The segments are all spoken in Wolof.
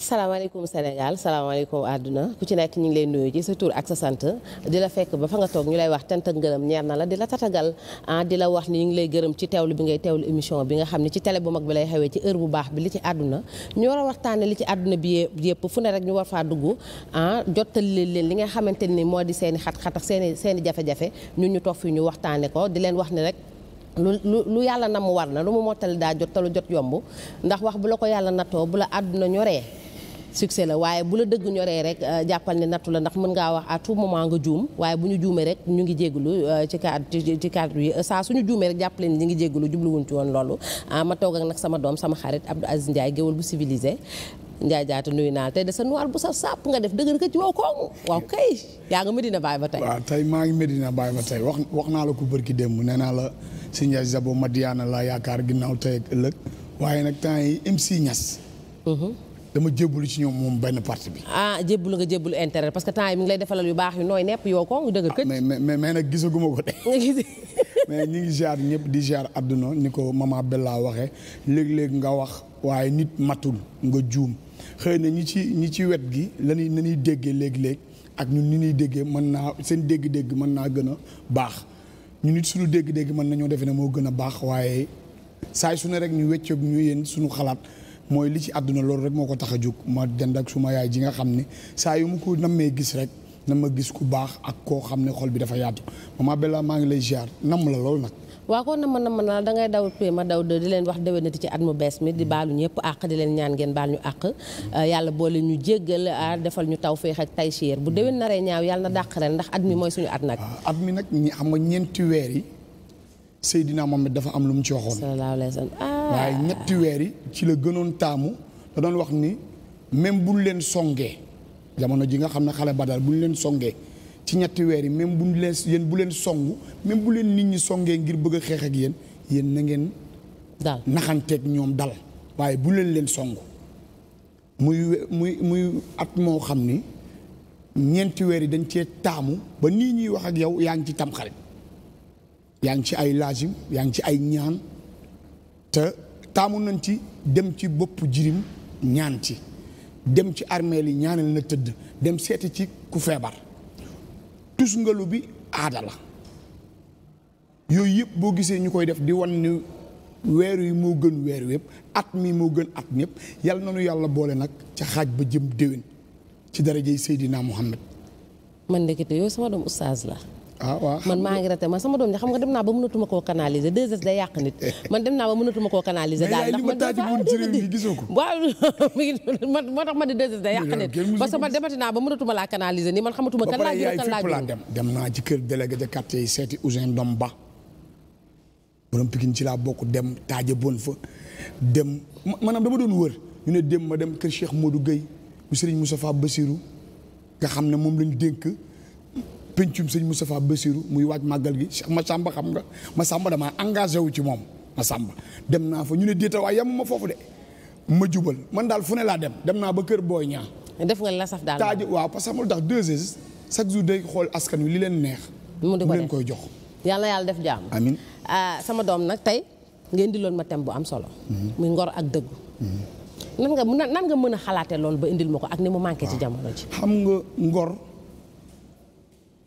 salaamaaleykum Sénégal salaamaaleykum àdduna ku ci nekk ñu ngi lay nuyu ci sa ak sa sant di la fekk ba fa nga toog ñu lay wax tant ak ngërëm ñeer na la di la tatagal ah di la wax ni ñu ngi lay gërëm ci teewlu bi ngay teewlu émission bi nga xam ne ci tele bu mag bi lay xewee ci heure bu baax bi li ci àdduna ñu war a waxtaane li ci àdduna bi yëpp fu ne rek ñu war faa dugg ah jottali leen li nga xamante ni moo di seeni xat-xat ak seen i seen jafe-jafe ñun ñu toog fii ñu waxtaane ko di leen wax ni rek lu yàlla na mu na lu mu mottali daa jot te jot yomb ndax wax bu la ko yàlla nattoo bu la àdduna ñoree succès la waaye bu la dëgg ñoree rek euh, jàppal ne nattu la ndax mën ngaa wax à tout moment nga juum waaye bu ñu juumee rek ñu ngi jégalu euh, ci cadre ci cadre yi euh, saa suñu juumee rek jàpp leen ñu ngi jégalu jubluwuñ ci woon loolu ah, ma toog ak nag sama doom sama xarit Abdou Aziz Ndiaye géwal bu civilisé Ndiaye jaata nuyu naa tey de sa noir bu sa sàpp nga def dëgër ka ci wow koomu waaw kay yaa nga Medina Baye ba tey waaw tey maa ngi Medina Baye ba tey wax naa la ko bërki démb nee naa la si Ndiaye Zabo Madiana la yaakaar ginnaaw tey ak ëllëg waaye nag temps yi MC Niass mhm. dama jébbalu ci ñoom moom benn parti bi. ah jébbalu nga jébbalu interet parce que temps yi mi ngi lay defalal yu baax yu nooy nepp yoo ko nga dëgg kët. mais mais mais mais ñi ngi ziar ñëpp di ziar àdduna ni ko maman Bella waxee léeg-léeg nga wax waaye nit matul nga juum xëy na ñi ci ñi ci wet gi la ñuy la déggee léeg-léeg ak ñun ni ñuy déggee mën naa seen dégg-dégg mën naa gën a baax ñu nit suñu dégg-dégg mën nañoo defe ne moo gën a baax waaye saay su ne rek ñu wéccoog ñu yéen suñu xalaat. mooy li ci àdduna loolu rek moo ko tax a jóg ma dend ak suma yaay ji nga xam ne saa yu ma ko nammee gis rek na ma gis ku baax ak koo xam ne xol bi dafa yaatu maman Bella maa ngi lay ziar namm la loolu nag. waaw kon namm namm naa da ngay daw pé ma daw di leen wax déwénati ci at mu bees mi di baalu ñëpp àq di leen ñaan ngeen baal ñu àq euh, yàlla boole ñu jéggal a euh, defal ñu taw féex ak tay siir bu déwén naree ñaaw yàlla dàq ren ndax at mi mooy suñu at nag. Ah, at mi nag ñi xam nga ñeenti weer yi Seydina Mohamed dafa am lu mu ci waxoon. wa waaye ñetti weer yi ci la gënoon taamu da doon wax ni même bu leen songee jamono ji nga xam ne xale ba badar buñ leen songee ci ñetti weer yi même buñ leen yéen bu leen song même bu leen nit ñi songee ngir bëgg a xeex ak yéen yéen na ngeen daal naxanteeg ñoom dal waaye bu leen leen song muy muy muy at moo xam ni ñeenti weer yi dañ cee taamu ba nii ñuy wax ak yow yaa ngi ci tamxarit yaa ngi ci ay laajim yaa ngi ci ay ñaan te taamu nañ ci dem ci bopp jirim ñaan ci dem ci armeel yi ñaanal na tëdd dem seeti ci ku feebar tusngalu bi aadala yooyu yëpp boo gisee ñu koy def di wan ni weer yi moo gën weer yëpp at mi moo gën at ñëpp yàlla na nu yàlla boole nag ca xaaj ba jëm déwén ci darajay Seydina Muhammad man ndekete yow sama doom oustaz la ah waaw man maa ngi raté man sama doom xam nga dem naa ba mënatuma koo canaliser deux heures day naa ba mënatuma koo canaliser daal ndax ko man moo tax ma di deux day yàq nit que man demati naa ba mënatuma laa canaliser nii man xamatuma kan laa gën kan laa gën dem dem naa ci kër délégué de quartier yi seeti Ousin Dom Ba borom Pikine ci laa bokk dem taaja bon fa dem maanaam dama doon wër ñu ne dem ma dem kër Cheikh Modou Gueye bu Serigne Moustapha Bassirou nga xam ne moom lañ dénk pencum sëñ Moustapha Bassirou muy waaj màggal gi Cheikh Massamba xam nga Massamba damaa engagé wu ci moom ma Massamba dem naa fa ñu ne déeta waaye yem ma foofu de ma jubal man daal fu ne laa dem dem naa ba kër booy ñaa def nga la saf daal taaji waaw parce que amul tax deux heures chaque jour day xool askan wi li leen neex mu leen koy jox yàlla yàlla def jàmm amiin ah, sama doom nag tey ngeen di loon ma thème bu am solo mhm. muy ngor ak dëgg mhm. nan nga nan nga mën a xalaate loolu ba indil ma ko ak ni mu manqué xam nga ngor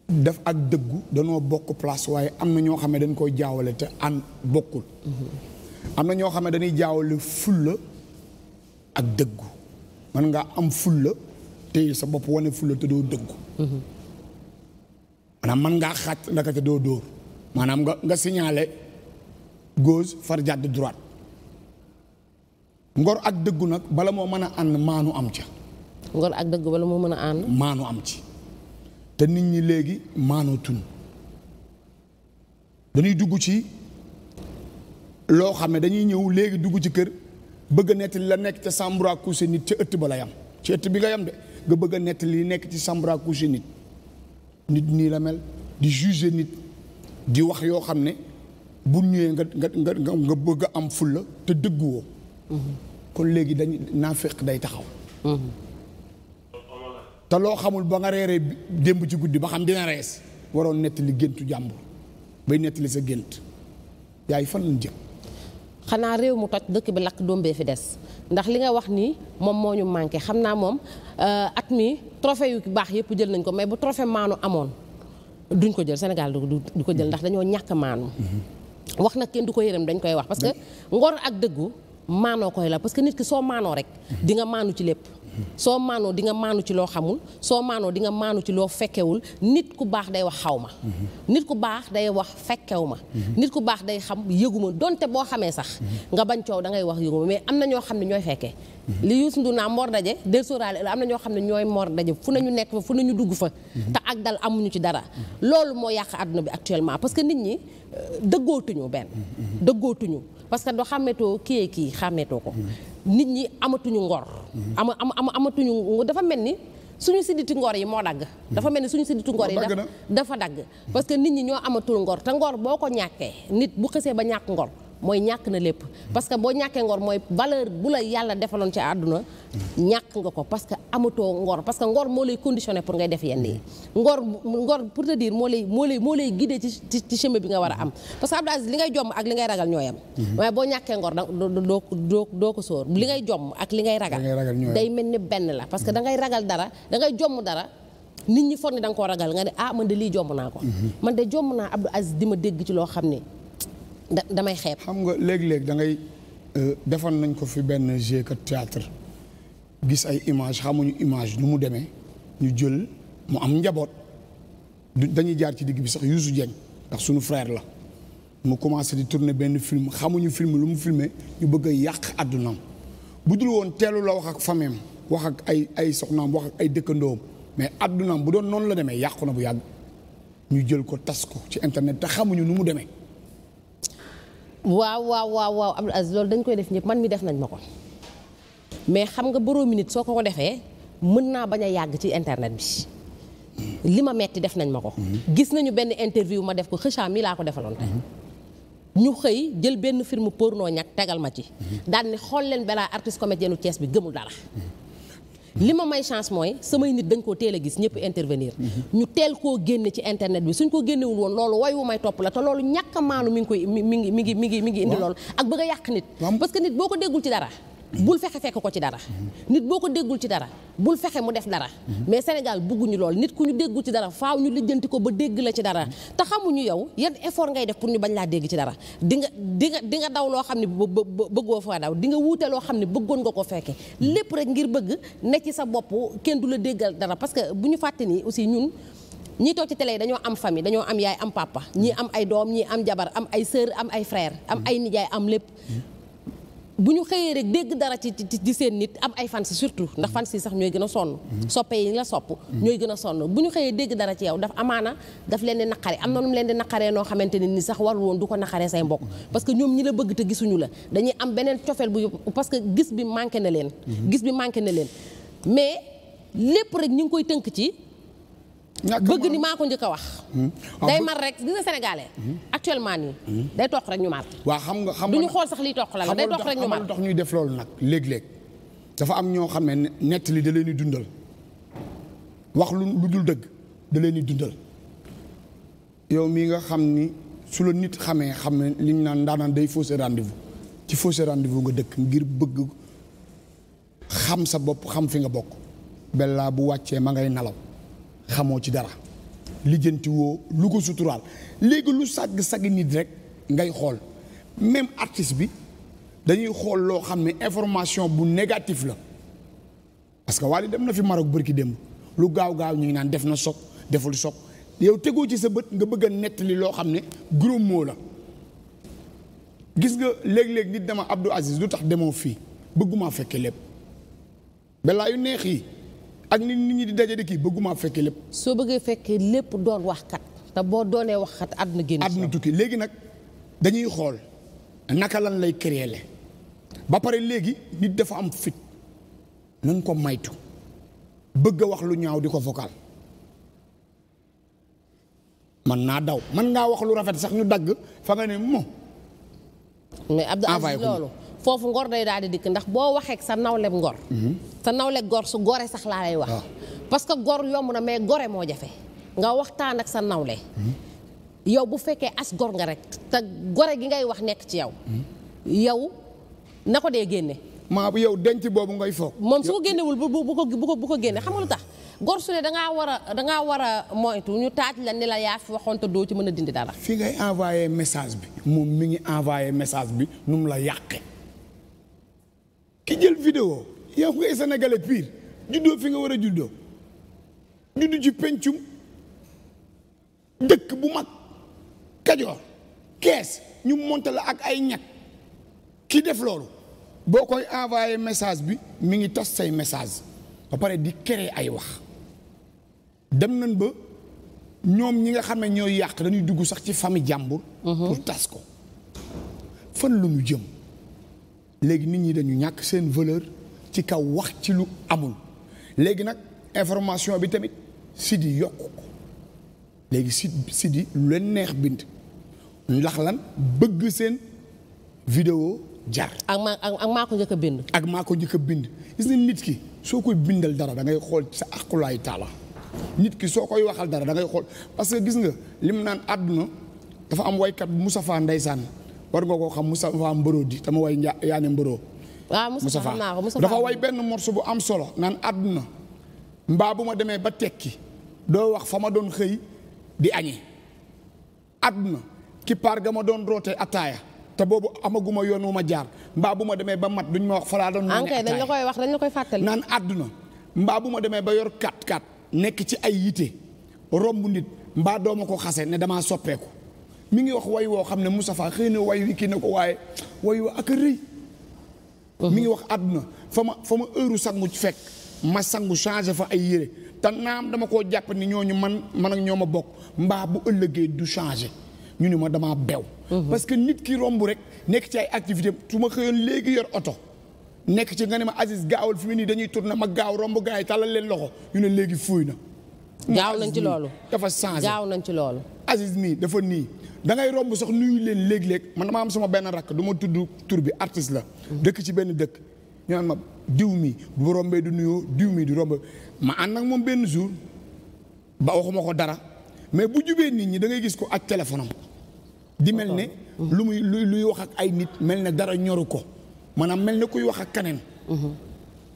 def ak dëggu danoo bokk place waaye am na ñoo xam ne dañ koy jaawale te an bokkul mm-hmm. am na ñoo xam ne dañuy jaawale fulla ak dëggu man ngaa am fulla te sa bopp wane fulla te doo dëggu mm-hmm. maanaam man ngaa xaaj ndaka te doo dóor maanaam nga nga signalé gauche far jàdd droite ngor ak dëggu nag bala moo mën a ànd maanu am ca ngor ak dëggu bala moo mën a ànd maanu am ci te nit ñi léegi maanootuñ dañuy dugg ci loo xam ne dañuy ñëw léegi dugg ci kër bëgg a nettali la nekk ca chambre à nit ca ëtt ba la yam ci ëtt bi nga yam de nga bëgg a nett li nekk ci chambre à coucher nit nit nii la mel di juger nit di wax yoo xam ne bu ñëwee nga nga nga nga bëgg am fulla te dëgguwoo mhm. kon léegi dañ naa féq day taxaw mhm. te loo xamul ba nga reeree démb ci guddi ba xam dina rees waroon nettali géntu jàmbur bay nettali sa gént yaay fan lañ jëm xanaa réew mu toj dëkk bi lakk doom bee fi des ndax li nga wax nii moom moo ñu manqué xam naa moom euh, at mi trophée yu baax yëpp jël nañ ko mais bu trophée maanu amoon duñ ko jël Sénégal du ko jël ndax dañoo ñàkk maanu mm-hmm. wax nag kenn du ko yërëm dañ koy wax parce que ngor ak dëggu maanoo koy la parce que nit ki soo maanoo rek mm-hmm. di nga maanu ci lépp soo maanoo di nga maanu ci loo xamul soo maanoo di nga maanu ci loo fekkewul nit ku baax day wax xaw ma nit ku baax day wax fekkew ma nit ku baax day xam yëguma donte boo xamee sax nga bañ coow da ngay wax yëguma mais am na ñoo xam ne ñooy fekkee li Youssou Ndour naa moor daje del sóoraale am na ñoo xam ne ñooy moor daje fu nañu nekk fa fu nañu dugg fa te ak dal amuñu ci dara loolu moo yàq àdduna bi actuellement parce que nit ñi euh, dëggootuñu benn dëggootuñu parce que doo xàmmeetoo kii kii xàmmeetoo ko. nit ñi amatuñu ngor. ama ama amatuñu dafa mel ni. suñu sidditu ngor yi moo dagg. dafa mel ni suñu sidditu ngor yi dafa dagg. parce que nit ñi ñoo amatul ngor te ngor boo ko ñàkkee nit bu xësee ba ñàkk ngor. mooy ñàkk na lépp parce que boo ñàkkee ngor mooy valeur bu la yàlla defaloon ci àdduna ñàkk nga ko parce que amatoo ngor parce que ngor moo lay conditionné pour ngay def yenn yi ngor ngor pour te dire moo lay moo lay moo lay guidé ci ci bi nga war a am parce que Abdou Aziz li ngay jomm ak li ngay ragal ñoo yem mhm. waaye boo ñàkkee ngor da doo doo ko sóor li ngay jomm ak li ngay ragal day mel ni benn la parce que da ragal dara dangay ngay jomm dara nit ñi foog ne danga koo ragal nga ne ah man de lii jomm naa ko mhm. man de jomm naa Abdou Aziz di ma dégg ci loo xam ne da damay xeeb. xam nga léegi léeg da ngay euh, defoon nañ ko fi benn jeu théâtre gis ay image xamuñu image nu mu demee ñu jël mu am njaboot dañuy jaar ci digg bi sax Youssou Dieng ndax suñu frère la mu commencé di tourner benn film xamuñu film lu mu filmer ñu bëgg a yàq àddunaam bu dul woon teelu la wax ak fameem wax ak ay ay soxnaam wax ak ay dëkkandoom mais àddunaam bu doon noonu la demee yàqu na bu yàgg ñu jël ko tas ko ci internet te xamuñu nu mu demee waaw waaw waaw waaw Abdou Aziz loolu dañ koy def ñëpp man mi def nañ ma ko mais xam nga boroomi nit soo ko ko defee mën naa bañ a yàgg ci internet bi li ma metti def nañ ma ko. gis nañu benn interview ma def ko xëcaa mi laa ko defaloon tey. ñu xëy jël benn film porno ñak tegal ma ci. daal ni xool leen balaa artiste comédienne u Thiès bi gëmul dara. li ma may chance mooy samay nit dañ koo teela gis ñëpp intervenir mhm. ñu teel koo génne ci internet bi suñ ko génnewul woon loolu way wu may topp la te loolu ñàkk a maanu mi ngi koy mi ngi mi ngi mi ngi mi ngi indi loolu ak bëgg a yàq nit parce que nit boo ko déggul ci dara bul fexe fekk ko ci dara nit boo ko déggul ci dara bul fexe mu def dara mais Sénégal ñu lool nit ku ñu déggul ci dara faaw ñu lijjanti ko ba dégg la ci dara te xamuñu yow yan effort ngay def pour ñu bañ laa dégg ci dara dinga nga di nga di nga daw loo xam ne bëggoo fa daw di wuute loo xam ne bëggoon nga ko fekke lépp rek ngir bëgg ne ci sa bopp kenn du la déggal dara parce que bu ñu fàtte nii aussi ñun ñii toog ci télé yi dañoo am famille dañoo am yaay am papa ñii am ay doom ñii am jabar am ay sœur am ay frère am ay nijaay am lépp bu ñu xëyee rek dégg dara ci ci seen nit am ay fans surtout ndax fans yi sax ñooy gën a sonn. Mhm. soppe yi la sopp. ñooy gën a sonn bu ñu xëyee dégg dara ci yow daf amaana daf leen di naqare am na nu leen di naqaree noo xamante ne ni sax warul woon du ko naqaree say mbokk. Mhm. parce que ñoom ñi la bëgg te gisuñu la dañuy am beneen cofeel bu parce que gis bi manqué na leen. Mhm. gis bi manqué na leen mais lépp rek ñu ngi koy tënk ci. bëgg ni maa ko njëkk a wax. Hmm. day mar rek gis nga hmm. actuellement nii. Hmm. day toq rek ñu mar. waa xam nga xam nga ñu xool sax liy toq la day toq rek ñu mar xam loolu nag léeg-léeg. dafa am ñoo xam ne nett li da leen di dundal wax lu lu dul dëgg da leen di dundal yow mii nga xam ni su la nit xamee xam ne liñ naan ndaanaan day fausser rendez-vous ci fausser rendez-vous nga dëkk ngir bëgg xam sa bopp xam fi nga bokk. Bella bu wàccee ma ngay nelaw xamoo ci dara lijjanti woo lu ko suturaal léegi lu sàgg sàgg nit rek ngay xool même artiste bi dañuy xool loo xam ne information bu négatif la parce que Wally dem na fi Maroc bërki démb lu gaaw gaaw ñu ngi naan def na soog deful soog yow tegoo ci sa bët nga bëgg a nettali loo xam ne gros mot la gis nga léeg-léeg nit dama Abdou Aziz lu tax demoo fii bëgguma fekke lépp balaa yu neex yi ak nit ñi di daje di kii bëgguma fekke lépp. soo bëggee fekkee lépp doon waxkat te boo doonee waxkat àdduna génn. àdduna tukki léegi nag dañuy xool naka lan lay créer ba pare léegi nit dafa am fit nañ ko maytu bëgg a wax lu ñaaw di ko vocal man naa daw man ngaa wax lu rafet sax ñu dagg fa nga ne mo mais Abdou Aziz loolu foofu ngor day daal di dikk ndax boo waxee sa nawleb ngor. Mhm. sa nawleb gor su gore sax laa lay wax. Ah. parce que gor yomb na mais gore moo jafe nga waxtaan ak sa nawle. Mhm. yow bu fekkee as gor nga rek te gore gi ngay wax nekk ci yow. Mhm. yow na ko dee génne. maa bu yow denc boobu ngay foog. moom su ko génnewul bu bu ko bu ko génne xam nga lu tax gor su ne da ngaa war a war a moytu ñu taaj la ni la yaa fi waxoon te doo ci mën a dindi dara. fi ngay envoyé message bi moom mu ngi envoyé message bi nu mu la ki jël vidéo yow ngay sénégalais pire juddoo fi nga war a juddoo juddu ci pencum dëkk bu mag kajoor kees ñu monte ak ay ñag ki def loolu boo koy envoyé message bi mi ngi tas say message ba pare di créer ay wax dem nañ ba ñoom ñi nga xam ne ñooy yàq dañuy dugg sax ci famille jàmbur mhm. pour tas ko fan lu ñu jëm léegi nit ñi dañu ñàkk seen valeur ci kaw wax ci lu amul léegi nag information bi tamit site yokk léegi site site yi lu leen neex bind ndax lan bëgg seen vidéo jar. ak maa ak maa ko njëkk bind. ak maa ko njëkk bind gis nga nit ki soo koy bindal dara da ngay xool sa aqulaay taala nit ki soo koy waxal dara dangay xool parce que gis nga lim naan àdduna dafa am waykat Moustapha Ndeysaan. war nga koo xam Moustapha Mboro di tama way yaa ne Mboro waaw Moustapha dafa way benn morceau bu am solo naan àdduna mbaa bu ma demee ba tekki doo wax fa ma doon xëy di añee àdduna ki paar ga doon rootee ataaya te boobu amaguma yoon wu ma jaar mbaa bu ma demee ba mat duñ ma wax fa laa doon naan dañ la koy wax dañ koy fàttali naan àdduna mbaa bu ma demee ba yor kat kat nekk ci ay yite romb nit mbaa dooma ko xase ne damaa soppeeku mi ngi wax way woo xam ne Moustapha xëy na way wi kii na ko waaye way woo ak rëy uh-huh. mi ngi wax àdduna fa ma fa ma heure sangu fekk ma sangu changé fa ay yére tan naam dama koo jàpp ni ñooñu man man ak ñoo ma bokk mbaa bu ëllëgee du changé ñu ni ma damaa bew uh-huh. parce que nit kii romb rek nekk ci ay activité su ma xëyoon léegi yor oto nekk ci nga ne ma Aziz gaawal fi mu nii dañuy na ma gaaw romb gars yi tàllal leen loxo ñu ne léegi fuuy na gaaw nañ ci loolu dafa changé gaaw nañ ci loolu Aziz mii dafa nii dangay romb sax nuyu leen léeg-léeg man dama am sama benn rakk du ma tudd tur bi artiste la dëkk ci benn dëkk ñu naan ma mi bu du nuyoo diw mi du romb ma ànd ak moom benn jour ba ko dara mais bu jubee nit ñi da ngay gis ko ak téléphone am di mel ni lu muy luy wax ak ay nit mel ne dara ñoru ko maanaam mel ne kuy wax ak keneen mhm.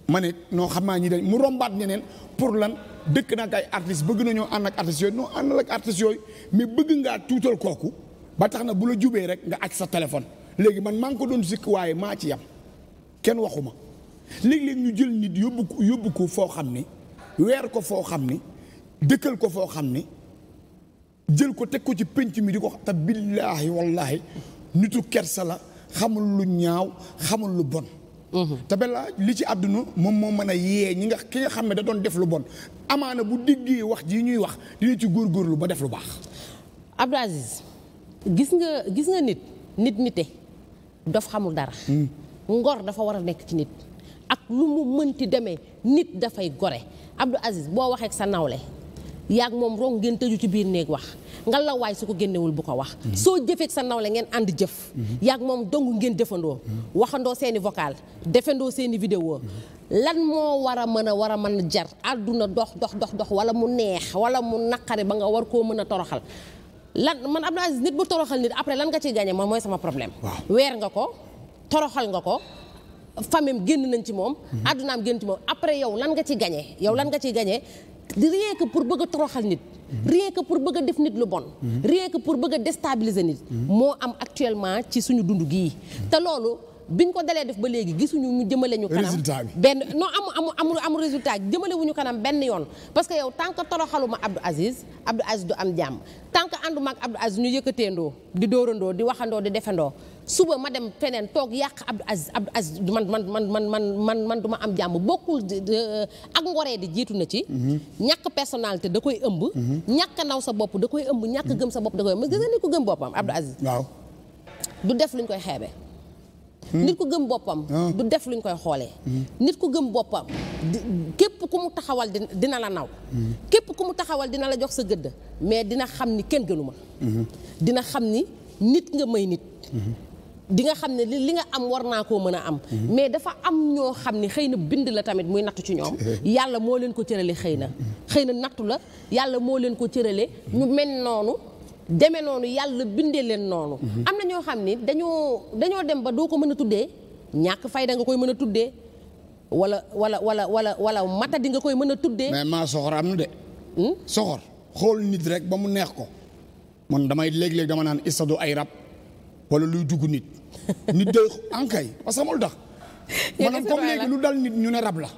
ma ne noo xam naa ñi dañ mu rombaat ñeneen pour lan dëkk nag ay artistes bëgg nañoo ànd ak artistes yooyu noo àndal ak artistes yooyu mais bëgg nga ngaa tuutal kooku ba tax na bu la jubee rek nga aj sa téléphone léegi man maa ngi ko doon sikk waaye maa ci yam kenn waxu ma léeg-léeg ñu jël nit yóbbu ko foo xam ni weer ko foo xam ni dëkkal ko foo xam ni jël ko teg ko ci pénc mi di ko te billaahi wallaahi nitu kersa la xamul lu ñaaw xamul lu bon Mhm. Tabella li ci àdduna moom moo mën a yee ñi nga ki nga xam ne da doon def lu bon amaana bu déggee wax ji ñuy wax dina ci góorgóorlu ba def lu baax. Abdou Aziz gis nga gis nga nit nit nite daf xamul dara. Hmm. ngor dafa war a nekk ci nit. ak lu mu mënti demee nit dafay gore Abdou Aziz boo waxee ak sa nawle. yaag moom rong ngeen tëju ci biir néeg wax nga la waay su ko génnewul bu ko wax mhm. soo jëfee sa nawle ngeen ànd jëf mhm. yaag moom dong ngeen defandoo mhm. waxandoo seeni vocal defandoo seeni vidéo lan moo war a mën a war a mën a jar àdduna dox dox dox dox wala mu neex wala mu naqari ba nga war koo mën a toroxal lan man Abdou Aziz nit bu toroxal nit après lan nga ciy gagné moom mooy sama problème weer nga ko toroxal nga ko famem génn nañ ci moom àddunaam génn ci moom après yow lan nga ci gagné yow lan nga ciy gagné rien que pour bëgg a toroxal nit. rien que pour bëgg a def nit lu bon. rien que pour bëgg destabiliser déstabiliser nit. moo am actuellement ci suñu dund gii te loolu. biñ ko dalee def ba léegi gisuñu ñu jëmale ñu kanam benn non amu amu amu résultat jëmale wuñu kanam benn yoon parce que yow tant que toroxaluma Abdou Aziz Abdou Aziz du am jàmm tant que ànduma ak Abdou Aziz ñu yëkkateendoo di dóorandoo di waxandoo di defandoo suba ma dem feneen toog yàq Abdou Aziz Abdou Aziz man man man man man man man du ma am jàmm bokkul ak ngoree di jiitu na ci ñàkk personnalité da koy ëmb ñàkk naw sa bopp da koy ëmb ñàkk gëm sa bopp da koy ëmb gis nga nit ku gëm boppam Abdou Aziz waaw du def luñ koy xeebee hmm. nit ku gëm boppam ah. du def luñ koy xoolee hmm. nit ku gëm boppam képp ku mu taxawal dina la naw hmm. képp ku mu taxawal dina la jox sa gëdd mais dina xam ni kenn gënu ma dina xam ni nit nga may nit di nga xam ne li nga am war naa koo mën a am. Mhm. mais dafa am ñoo xam ni xëy na bind la tamit muy nattu ci ñoom. yàlla moo leen ko cërale xëy na. xëy na nattu la yàlla moo leen ko cërale ñu mhm. mel noonu. deme noonu yàlla bindee leen noonu. Mhm. am na ñoo xam ni dañoo dañoo dem ba doo ko mën a tuddee ñàkk fayda nga koy mën a tuddee wala wala wala wala wala di nga koy mën a tuddee. mais maa soxor am na de. Hmm? soxor xool nit rek ba mu neex ko. man damay léeg-léeg dama naan istadu ay rab. wala luy dugg nit nit day ankay parce que amul tax maanaam comme léegi lu dal ñu ne rab la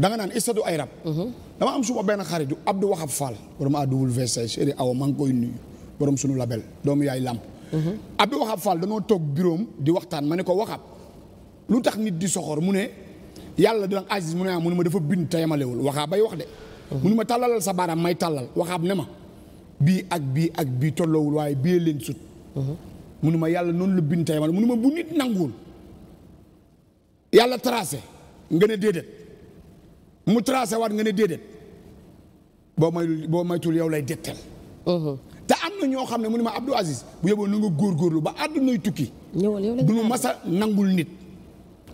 da nga naan istatu ay rab mhm. dama am suba benn xaritu Abdou Wahab Fall borom AWC chéri awa maa ngi koy nuyu yaay làmp mhm. Abdou Wahab Fall danoo toog di waxtaan ma ne ko Wahab lu tax nit di soxor mu ne yàlla dina Aziz mu ne ah, ma defa bind te yemalewul bay wax de mhm. mu ma tàllalal sa baaraam may tàllal Wahab ne ma bii ak bii ak bii tolloowul waaye bii leen sut munu ma yàlla noonu la bind tey man munu ma bu nit nanguwul yàlla tracé nga ne déedéet mu tracé waat nga ne déedéet boo may boo maytul yow lay dettel mhm. te am na ñoo xam ne mu ne ma Abdou Aziz bu yóbboo na nga góorgóorlu ba àddunay tukki duñu masa nangul nit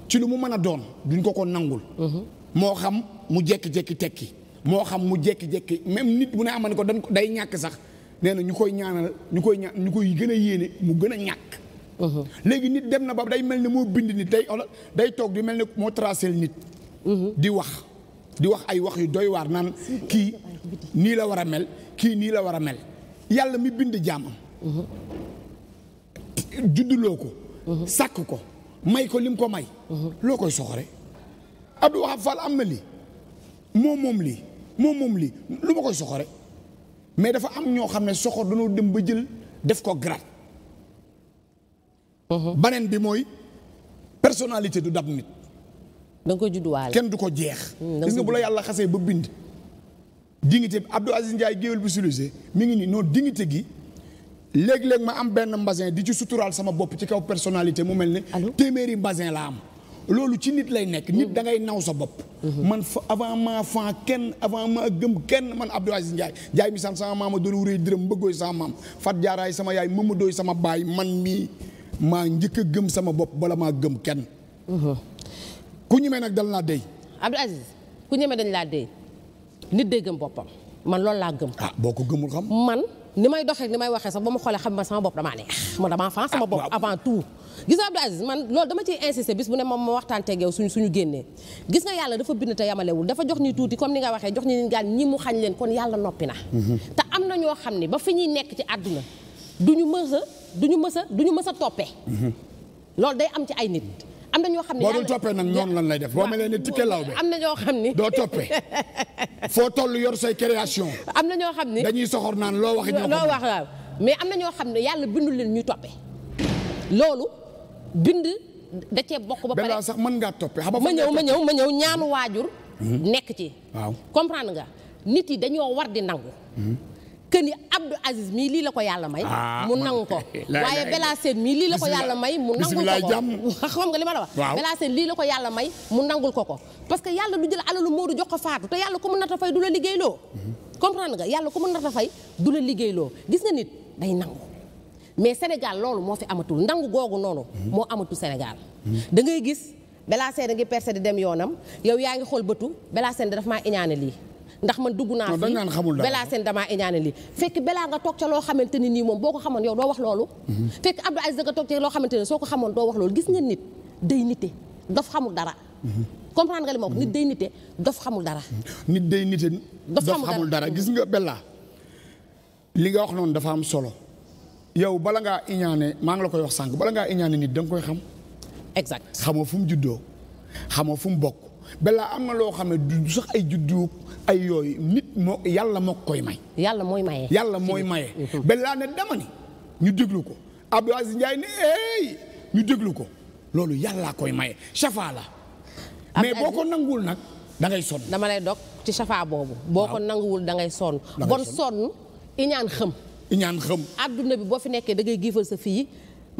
ci lu mu mën a doon duñ ko ko nangul mhm. moo xam mu jekki-jekki tekki moo xam mu jekki-jekki même nit bu ne aman ko dañ ko day ñàkk sax nee na ñu koy ñaana ñu koy ñu koy gën a yéene mu gën a ñàkk. Uh-huh. léegi nit dem na ba day mel ni moo bind nit day day toog di mel ne moo tracé nit. Uh-huh. di wax di wax ay wax yu doy waar naan kii nii la war a mel kii nii la war a mel yàlla mi bind jaamam. Uh-huh. judduloo ko. sàkk ko may ko lim ko may. loo koy soxore Abdou Wahab Fall am na lii moo moom lii moom moom lii lu ma koy soxore mais dafa am ñoo xam ne soxor dañoo dem ba jël def ko grade mhm. beneen bi mooy personnalité du dab nit da nga ko judduwaale kenn du ko jeex mm, gis nga bu la yàlla xasee ba bind dignité Abdou Aziz Ndiaye géwél bi sulusé mi ngi nii noonu dignité gi léeg-léeg ma am benn mbasin di ci suturaal sama bopp ci kaw personnalité mu mel ne téeméeri mbasin la am loolu ci nit lay nekk nit mm-hmm. da ngay naw sa bopp mm-hmm. man fa avant ma fan kenn avant ma gëm kenn man Abdou Aziz Ndiaye Ndiaye mi san sama maama doon wuree dërëm mbëggooy sama maam fat jaaraay sama yaay mamadooy sama baay man mii maa njëkk a gëm sama bopp bala maa gëm kenn mm-hmm. ku ñemee nag dal naa dey Abdou Aziz ku ñemee dañ laa dey nit day gëm boppam man loolu laa gëm ah boo ko gëmul xam man ni may doxee ni may waxee sax ba ma xoolee xam ma sama bopp damaa neex man damaa fan sama bopp ah, avant tout gis nga Abdou Aziz man loolu dama ciy insister bis bu ne moom ma waxtaan teeg suñu génnee gis nga yàlla dafa bind te yamalewul dafa jox ñi tuuti comme ni nga waxee jox ñi gaan ñi mu xañ leen kon yàlla noppi na mhm. te am na ñoo xam ne ba fi ñuy nekk ci àdduna duñu mës a duñu mës a duñu mës a toppee mhm. loolu day am ci ay nit am na ñoo xam ne boo dul toppee nag noonu lan lay def boo melee ni tikke law bi am na ñoo xam ni doo toppee foo toll yor say création am na ñoo xam ni dañuy soxor naan loo wax loo wax waaw mais am na ñoo xam ne yàlla bindul leen ñuy toppee bind da cee bokk ba pare sax mën ngaa toppee ma ñëw ma ñëw ma ñëw ñaanu waajur hmm. nekk ci waaw comprendre nga nit yi dañoo war di nangu hmm. que ni Abdou Aziz mii lii la ko yàlla may ah, mu nangu ko lii la ko yàlla may mu nangul ko ko xam nga li wax Bella Sène lii la ko yàlla may mu nangul ko ko parce que yàlla du jël alalu Modou jox ko faatu te yàlla ko mu nata fay du la liggéeyloo hmm. comprendre nga yàlla ku mu nata fay du la liggéeyloo gis na nit day nangu mais Sénégal loolu moo fi amatul ndangu googu noonu. moo amatul Sénégal. da ngay gis Bella Sène da ngi di dem yoonam yow yaa ngi xool bëtu Bella Sène daf maa iñaane lii. ndax man dugg naa fi Bella Sène damaa iñaane lii fekk Bella nga toog ca loo xamante ni nii moom boo ko xamoon yow doo wax loolu fekk Abdou Aziz da nga toog ca loo xamante ne soo ko xamoon doo wax loolu gis nga nit day nite dof xamul dara comprendre nga li ma wax nit day nite dof xamul dara nit day nite dof xamul dara gis nga Bella li nga wax noonu dafa am solo yow bala ngaa iñaane maa ngi la koy wax sànq bala ngaa iñaane nit danga nga koy xam. exact xamoo fu mu juddoo xamoo fu mu bokk balaa am na loo xam ne du sax ay juddu ay yooyu nit moo yàlla moo koy may. yàlla mooy maye. yàlla mooy maye. Mhm. balaa ne dama ni ñu déglu ko Abdou Aziz ne hey ñu déglu ko loolu yàllaa koy maye safa la. mais boo ko nanguwul nag da ngay sonn. dama lay dog ci safa boobu. boo ko nanguwul da ngay sonn. bon sonn iñaan xëm. ñaan xam. adduna bi boo fi nekkee da ngay giifal sa fii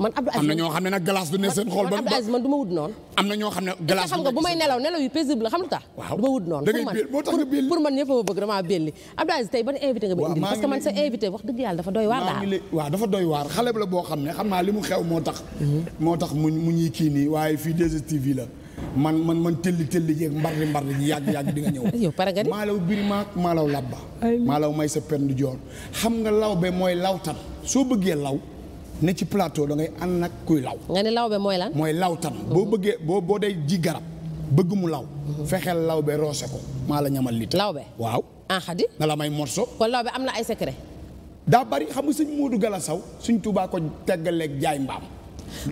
man Abdou Aziz am na ñoo xam ne nag glace du ne seen xol. man Abdou Aziz man du wut noonu. am na ñoo xam ne glace xam nga bu may nelaw nelaw yu paisible la xam nga tax. waaw du ma wut noonu pour man a bëgg damaa belli Abdou Aziz tey ban parce que man sa invité wax dëgg yàlla dafa doy waar. daal waaw dafa doy waar xale la boo xam ne xam naa li mu xew moo tax. Mhm. moo tax mu mu ñuy kii nii waaye fii 2STV la man man man tëlli tëlli jeeg mbarli mbarli ji yàgg yàgg di nga ñëw. yow pare nga de maalaw birima ak maalaw labba. maalaw may sa pendu joor xam nga law be mooy law lawtan soo bëggee law ne ci plateau da ngay ànd nag kuy law. nga ne lawbe mooy lan. mooy lawtan boo mhm. bëggee boo boo day ji garab bëgg mu law. Mhm. fexeel lawbe roose ko maa la ñamal litre. lawbe waaw. ah nga la may morso. kon lawbe am na ay secret. daa bari xam nga sëñ Modou Gala Saw suñ Tuubaa ko teggaleeg jaay mbaam.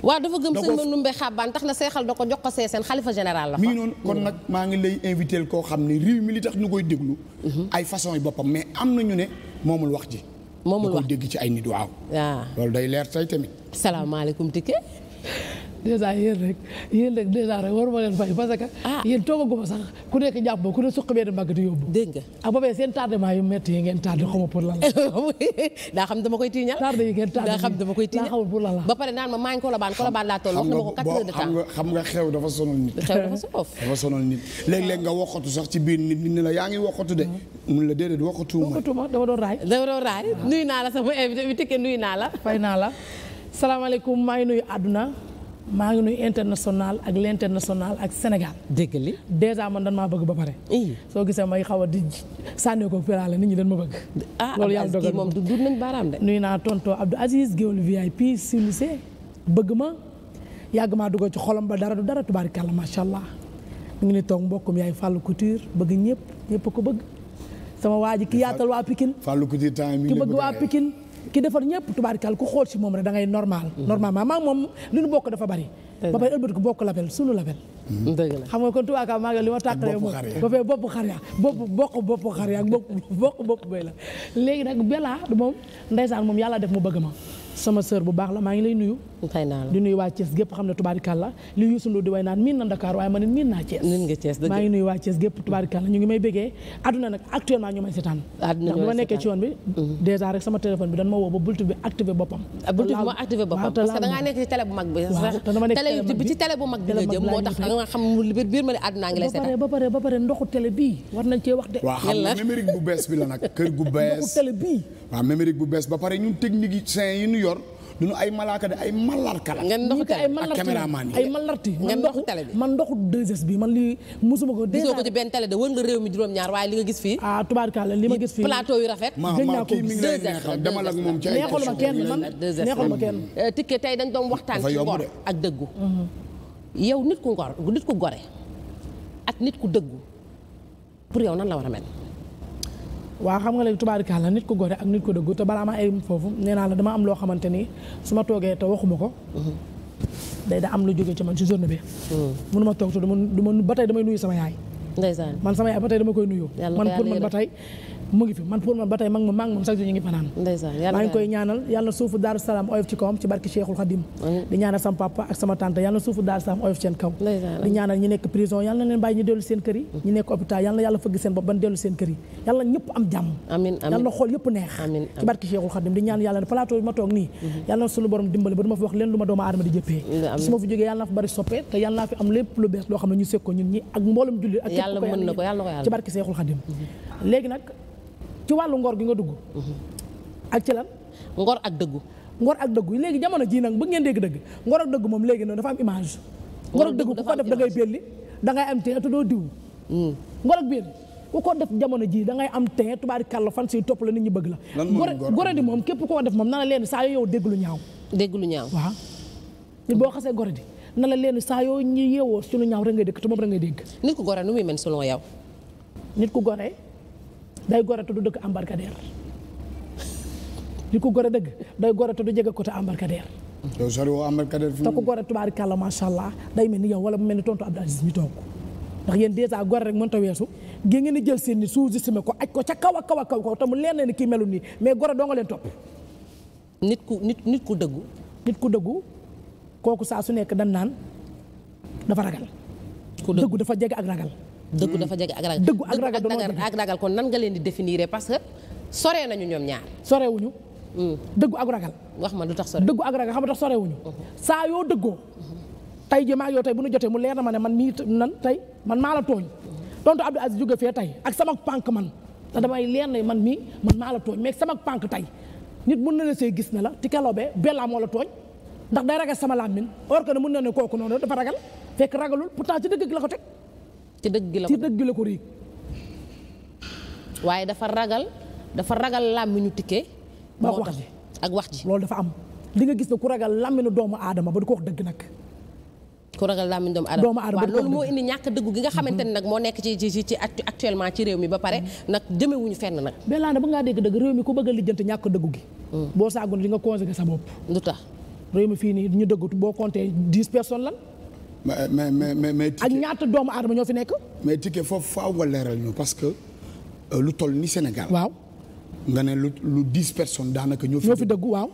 waa dafa gëm sëñ Manumbe Xabaan tax na seexal da ko jox ko seeseen xalifa général la mi ngi noonu kon nag maa ngi lay invité koo xam ne réew mi li tax nu koy déglu mhm. ay façon yi boppam mais am na ñu ne moomul wax ji moomul wax dégg ci ay nit waaw waaw loolu day leer tey tamit salaamaaleykum Tické dèjà yéen rek yéen rek dèjà rek waruma leen fay parce que. ah yéen toogaguma sax ku nekk jàpp ma ku ne suq benn mbagg di yóbbu. dégg nga ah boobee seen tardement yu métti yi ngeen yi ngeen tardé de xam nga xew dafa sonal nit. xew dafa nga waxatu sax ci biir nit nit ne la yaa ngi waxatu de. Mm-hmm. mun la déedéet waxatu ma doon raay. dama doon raay nuyu naa la sama invité bi tëkkee nuyu naa la. fay naa la salaamaaleykum maa ngi nuyu àdduna maa ngi nuy international ak national ak Sénégal. dégg li déjà man dan maa bëgg ba pare. soo gisee may xaw a di sànni ko firaale nit ñi dañ ma bëgg. Ah, ah, loolu yàlla dogal moom du dund nañ baaraam de. nuyu naa tonton Abdou Aziz Géwal VIP Sinisé bëgg ma yàgg maa dugal ci xolam ba dara du dara tubaarikàlla macha allah. mu ngi ni toog mbokkum yaay Fallou Couture bëgg ñëpp ñëpp ko bëgg. sama waa ji ki yaatal waa Pikine. Fallou Couture ki bëgg waa Pikine. ki defar ñëpp tubaarkal ku xool si moom rek da ngay normal. Mm-hmm. normalement maa moom li nu bokk dafa bari. ba pare ëlbatiku bokk label sunu label. dëgg la xam nga kon Touba Ca Magal li ma tàqalee moom ba fee bopp xar yaa bopp bokk bopp xar yaa bokk maa ngi lay nuyu di nuyu waa Thiès gépp xam ne tubaarikàlla li Youssou Ndour di way naan miin na Dakar waaye ma ne miin naa Thiès maa ngi nuyu waa Thiès gépp tubaarikàlla ñu ngi may béggee adduna nag actuellement ñu may seetaan ndax bu nekkee ci yoon bi mm-hmm. dèjà rek sama téléphone bi dan ma woo ba bultu bi activé boppam ah, bultu bi moo activé boppam parce que da nekk ci télé bu mag bi télé yu jub ci télé bu mag bi jëm moo tax nga xam biir ma ne àdduna ngi lay seetaan ba pare ba pare ndoxu tele bii war nañ cee wax de waaw xam nga numérique bu bees bi la nag kër gu bees ndoxu télé bii waaw numérique bu bees ba pare ñun technique yi ñu yor du ñu ay malaaka de ay malarka la. ngeen ndoxu ay malarti ngeen ndoxu télé bi man ndoxu 2S bi man lii musuma ko. gisoo ko ci benn télé de wër nga réew mi juróom ah, yu rafet. gëj moom ci ay neexul ma kenn euh, tey dañ doon waxtaan ci ngor ak dëggu. yow nit ku ngor nit ku gore ak nit ku dëggu pour yow nan la war a mel waaw xam nga léegi la nit ku gore ak nit ku dëggu te balaa ma ay foofu nee naa la dama am loo xamante ni su ma toogee te waxuma ko. Mhm. day da am lu jógee ci man ci journée bi. mënuma mhm. toog te du ma ba tey damay nuyu sama yaay. ndeysaan man sama yaay ba tey dama koy nuyu. man pour man ba tey mu ngi fi man pour man ba tey mag ma mag moom chaque jour ñu ngi fanaan maa ngi koy ñaanal yàlla suufu daaru salaam oyof ci kawam ci barki Cheikhul Khadim di ñaanal sama papa ak sama tante yàlla suufu daaru salaam oyof seen kaw di ñaanal ñi nekk prison yàlla na leen bàyyi ñu dellu seen kër yi ñi nekk hôpital yàlla yàlla fëgg seen bopp ban dellu seen kër yi yàlla ñëpp am jàmm yàlla xool yëpp neex ci barki Cheikhul Khadim di ñaan yàlla ne plateau bi ma toog nii mhm. yàlla na suñu borom dimbali ba du ma fi wax leen lu ma doomu aadama di jëppee su ma fi jógee yàlla naa fi bari soppee te yàlla naa fi am lépp lu bees loo xam ne ñu sekkoo ñun ñi ak mboolum julli ak ci barki Cheikhul Khadim mhm. léegi nag ci wàllu ngor gi nga dugg. Mm-hmm. ak ci lan. ngor ak dëggu. ngor ak dëggu léegi jamono jii nag bëgg ngeen dégg dëgg ngor ak dëggu moom léegi noonu dafa am image. ngor ak dëggu ko def da ngay belli da ngay am te doo diw. Mm. ngor ak biir ku jamono jii da ngay am te tubaari kàlla fan si topp la nit ñi bëgg la. lan gore di moom képp koo def moom na la leen saa yow dégg lu ñaaw. dégg lu ñaaw waaw. nit boo xasee gore di na la leen saa yoo ñu yeewoo ci lu ñaaw rek ngay dégg te moom ngay dégg. nit ku gore nu muy mel selon yaw nit ku gore day gore te du dëkk embarcadère li ko gore dëgg day gore te du jege côté embarcadère. yow sori woo embarcadère fi mu. te ku gore tubaari kàlla macha allah day mel ni yow wala mu mel ni tontu Abdou Aziz mi toog ndax yéen dèjà gore rek mënta weesu gé ngeen di jël seen ni sous-estimé ko aj ko ca kaw a kaw a kaw kaw te mu leen ni kii melul nii mais gore doo nga leen topp. nit ku nit nit ku dëggu. nit ku dëggu kooku saa su nekk dañ naan dafa ragal. ku dëggu dafa jeg ak ragal. dëggu hmm. dafa jeg ak ragal dëggu ak ragal ak ragal kon nan nga leen di définir parce que sore nañu ñoom ñaar. sorewuñu. Hmm. dëggu ak ragal. wax ma lu tax sore dëggu ak ragal xam nga tax sorewuñu. Hmm. saa yoo dëggoo. tey jii maa yow tey bu nu jotee mu leer na ma ne man mii nan tey man maa la tooñ. tontu Abdou Aziz jóge fee tey ak sama pànk man damay leer na man mii man maa la tooñ mais sama pànk tey nit mun na la see gis ne la ti kelobee bella moo la tooñ. ndax day ragal sama làmmiñ or que ne mun na ne kooku noonu dafa ragal fekk ragalul pourtant ci dëgg la ko teg. ci dëgg la dëgg la ko riig waaye dafa ragal dafa ragal làmmiñu tikke. ba wax ji ak wax ji. loolu dafa am li nga gis ne ku ragal làmmiñu doomu aadama ba du ko wax dëgg nag. ku ragal làmmiñu doomu aadama waaw loolu moo indi ñàkk dëggu gi nga mm-hmm. xamante ne nag moo nekk ci ci ci actuellement ci réew mi ba pare mm-hmm. nag jëmewuñu fenn nag. ne ba ngaa dégg dëgg réew mi ku bëgg lijjante ñàkk dëggu gi. Mm. boo saagoon di nga conjugué sa bopp. lu tax réew fii nii ñu dëggatu boo compté dix personnes lan. mais mais mais mais. ak ñaata doomu aadama ñoo fi nekk. mais ticket foofu faaw nga leeral ñu parce que euh, lu toll ni Sénégal. waaw nga ne lu lu dix personnes daanaka ñoo fi. fi dëggu waaw.